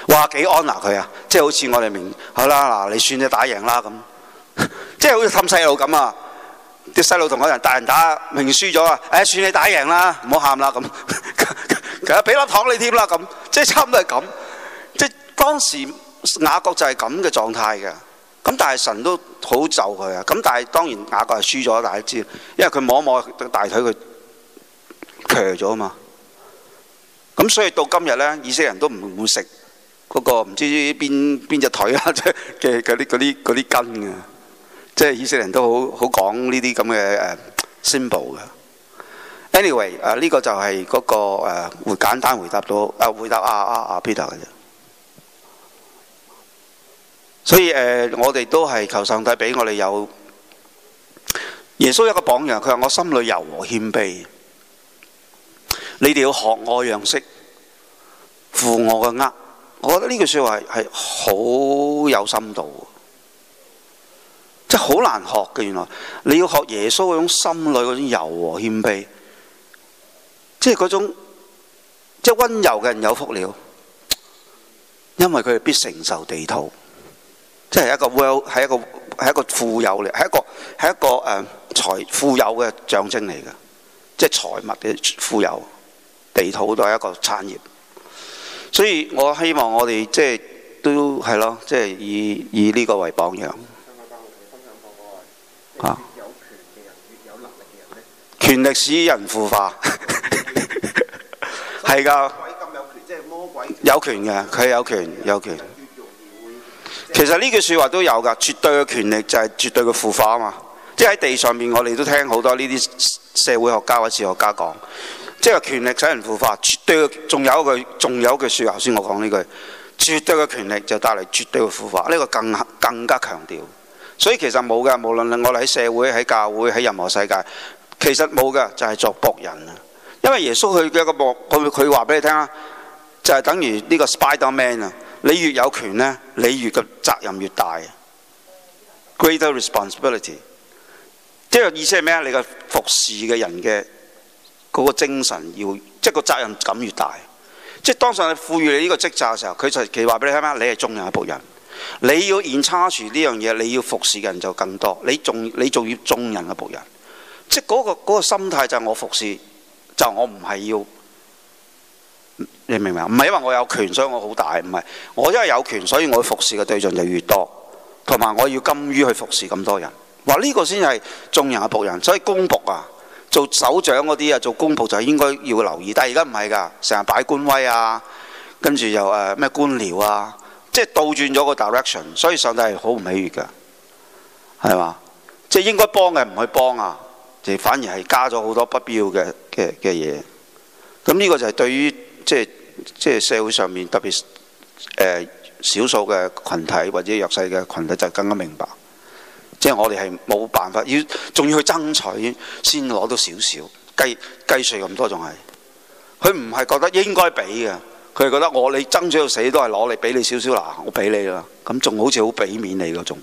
話幾安那佢啊？即係好似我哋明好啦，嗱、啊啊啊，你算你打贏啦咁。 即係好似氹細路咁啊！啲細路同嗰人大人打，明，明輸咗啊！誒、哎，算你打贏啦，唔好喊啦咁。其實俾粒糖你添啦咁，即係差唔多係咁。即係當時雅各就係咁嘅狀態嘅。咁但係神都好就佢啊。咁但係當然雅各係輸咗，大家知道。因為佢摸一摸大腿，佢瘸咗啊嘛。咁所以到今日呢，以色列人都唔會食嗰、那個唔知邊邊隻腿啊，即係嗰啲筋嘅，即係、啊就是、以色列人都好講講呢啲嘅 symbol 嘅。Anyway，、啊、這呢個就係嗰、那個誒、啊、簡單回答到啊回答啊啊啊 Peter。所以、啊、我哋都係求上帝畀我哋有耶穌一個榜樣。佢話我心裏柔和謙卑。你哋要學我樣式，負我嘅軛，我覺得呢句說話係好有深度的，即係好難學嘅。原來你要學耶穌嗰種心裏嗰種柔和謙卑，即係嗰種即係、就是、温柔嘅人有福了，因為佢哋必承受地土，即係一個會有係一個係一個富有嚟，係一個係一個嗯、啊、財富有嘅象徵嚟嘅，即係財物嘅富有。地土都係一個產業，所以我希望我哋即係都係咯，即係以以呢個為榜樣。啊！有權嘅人，有能力嘅人咧，權力使人腐化，係 㗎、就係魔鬼。有權嘅佢有權有權。其實呢句説話都有㗎，絕對嘅權力就係絕對嘅腐化啊嘛！即係喺地上面，我哋都聽好多呢啲社會學家或者哲學家講。即係權力使人腐化，絕對仲有一句，仲有一句話，說話頭先，我講呢句，絕對嘅權力就帶嚟絕對嘅腐化。呢、這個更更加強調。所以其實冇噶，無論我哋喺社會、喺教會、喺任何世界，其實冇噶就係、是、作僕人啊。因為耶穌佢嘅一個佢話俾你聽啦，就係、是、等於呢個 Spider Man 啊。你越有權呢，你越嘅責任越大，Greater responsibility。即係意思係咩啊？你個服侍嘅人嘅。嗰、那個精神要，即係個責任感越大，即係當上你賦予你呢個職責嘅時候，佢就其實話俾你聽咩？你係眾人嘅僕人，你要 in charge 呢樣嘢，你要服侍嘅人就更多。你仲你仲要眾人嘅僕人，即係、那、嗰、個那個心態就係我服侍，就我唔係要你明唔明？唔係因為我有權所以我好大，唔係我因為有權所以我服侍嘅對象就越多，同埋我要甘於去服侍咁多人。話呢個先係眾人嘅僕人，所以公僕啊。做首長嗰啲啊，做公僕就應該要留意，但係而家唔係㗎，成日擺官威啊，跟住又誒咩、呃、官僚啊，即係倒轉咗個 direction，所以上帝係好唔喜悅㗎，係嘛？即係應該幫嘅唔去幫啊，而反而係加咗好多不必要嘅嘅嘅嘢。咁呢個就係對於即係即係社會上面特別誒少、呃、數嘅群體或者弱勢嘅群體就更加明白。即係我哋係冇辦法，要仲要去爭取先攞到少少計計稅咁多還是，仲係佢唔係覺得應該俾嘅，佢係覺得我你爭取到死都係攞嚟俾你少少嗱，我俾你啦。咁仲好似好俾面你嗰種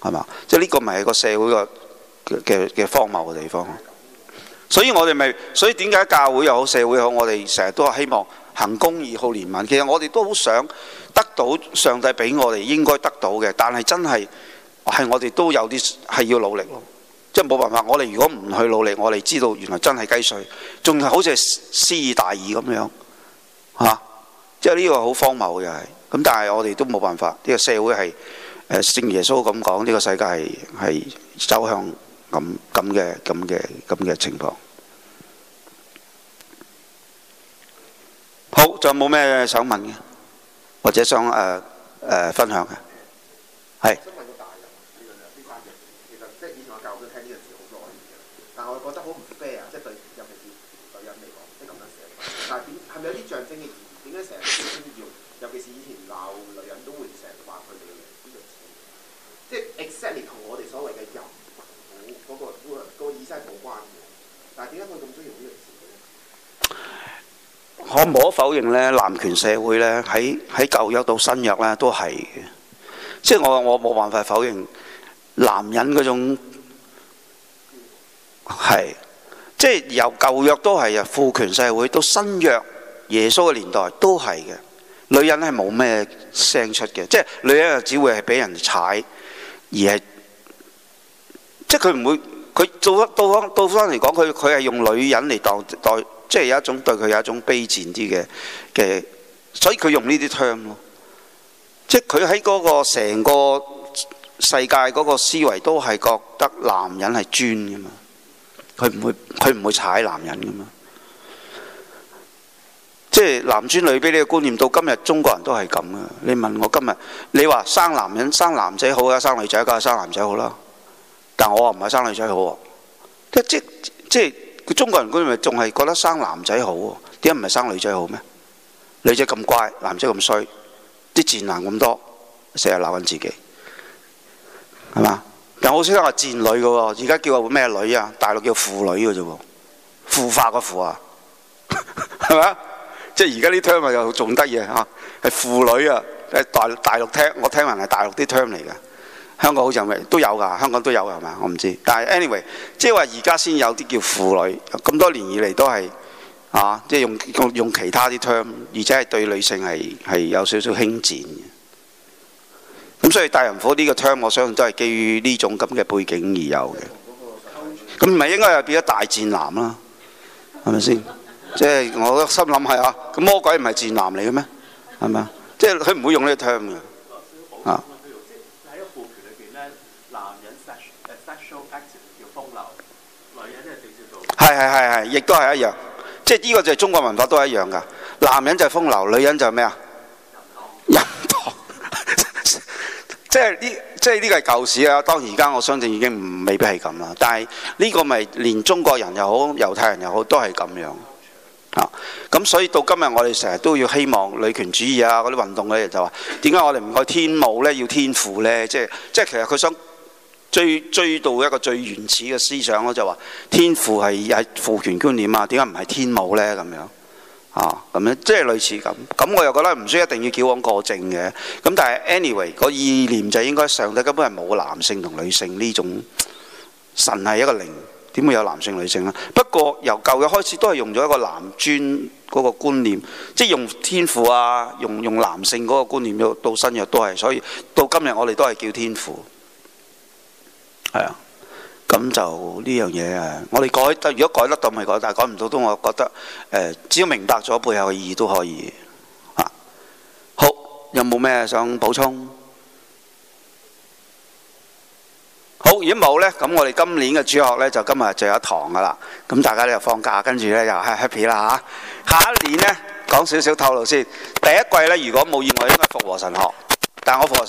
係嘛？即係呢個咪係個社會個嘅嘅荒謬嘅地方。所以我哋咪所以點解教會又好，社會又好，我哋成日都係希望行公義、好憐憫。其實我哋都好想得到上帝俾我哋應該得到嘅，但係真係。係我哋都有啲係要努力咯，即係冇辦法。我哋如果唔去努力，我哋知道原來真係雞碎，仲係好似係失大義咁樣，吓、啊。即係呢個好荒謬嘅係。咁但係我哋都冇辦法。呢、這個社會係誒，正如耶穌咁講，呢、這個世界係係走向咁咁嘅咁嘅咁嘅情況。好，仲有冇咩想問嘅？或者想誒誒、呃呃、分享嘅係。是有啲象徵嘅意義，點解成日都要？尤其是以前鬧女人都會成日話佢哋呢樣字，即係 excellence 同我哋所謂嘅有嗰個嗰個嗰個意識係冇關嘅。但係點解佢咁鍾意呢樣字咧？可唔可否認咧？男權社會咧，喺喺舊約到新約咧都係嘅。即係我我冇辦法否認男人嗰種係，即係由舊約都係啊，父權社會到新約。耶穌嘅年代都係嘅，女人係冇咩聲出嘅，即係女人又只會係俾人踩，而係即係佢唔會，佢做咗到方到方嚟講，佢佢係用女人嚟當當，即係、就係、有一種對佢有一種卑賤啲嘅嘅，所以佢用呢啲 term 咯，即係佢喺嗰個成個世界嗰個思維都係覺得男人係專嘅嘛，佢唔會佢唔會踩男人嘅嘛。即係男尊女卑呢個觀念到今日中國人都係咁噶。你問我今日，你話生男人生男仔好啊，生女仔梗係生男仔好啦。但我唔係生女仔好，即即即，中國人觀念仲係覺得生男仔好。點解唔係生女仔好咩？女仔咁乖，男仔咁衰，啲賤男咁多，成日鬧緊自己，係嘛？但我先生話賤女噶，而家叫我咩女啊？大陸叫婦女噶啫，腐化個腐啊，係嘛？即係而家啲 term 咪又仲得意嚇，係、啊、婦女啊，係大陸大陸聽，我聽聞係大陸啲 term 嚟嘅。香港好似未都有㗎，香港都有係嘛？我唔知。但係 anyway，即係話而家先有啲叫婦女，咁多年以嚟都係啊，即係用用其他啲 term，而且係對女性係係有少少輕賤嘅。咁所以大人府呢個 term，我相信都係基於呢種咁嘅背景而有嘅。咁唔係應該係變咗大戰男啦？係咪先？即係我心諗係啊，咁魔鬼唔係自男嚟嘅咩？係咪啊？ 即係佢唔會用呢個 term 嘅啊。係係係係，亦都係一樣。即係呢、這個就係中國文化都一樣㗎。男人就係風流，女人就係咩啊？淫蕩。即係呢，即係呢、這個係舊時啊。當而家我相信已經未必係咁啦，但係呢個咪連中國人又好，猶太人又好，都係咁樣。啊、哦！咁所以到今日我哋成日都要希望女權主義啊嗰啲運動咧就話，點解我哋唔愛天母咧？要天父咧？即係即係其實佢想追追到一個最原始嘅思想咯，啊，就話天父係係父權觀念啊，點解唔係天母咧？咁樣啊咁樣即係類似咁。咁我又覺得唔需要一定要矯枉過正嘅。咁但係 anyway 個意念就應該上帝根本係冇男性同女性呢種，神係一個靈。點會有男性女性啊？不過由舊約開始都係用咗一個男尊嗰個觀念，即係用天父啊，用用男性嗰個觀念，到到新約都係，所以到今日我哋都係叫天父，係啊。咁就呢樣嘢啊，我哋改得，如果改得到咪改，但係改唔到都，我覺得、呃、只要明白咗背後嘅意義都可以啊。好，有冇咩想補充？好，如果冇咧，咁我哋今年嘅主學咧就今日就最後一堂噶啦，咁大家咧就放假，跟住咧又 happy 啦嚇。下一年咧講少少透露先，第一季咧如果冇意外，應該復和神學，但係我復和神。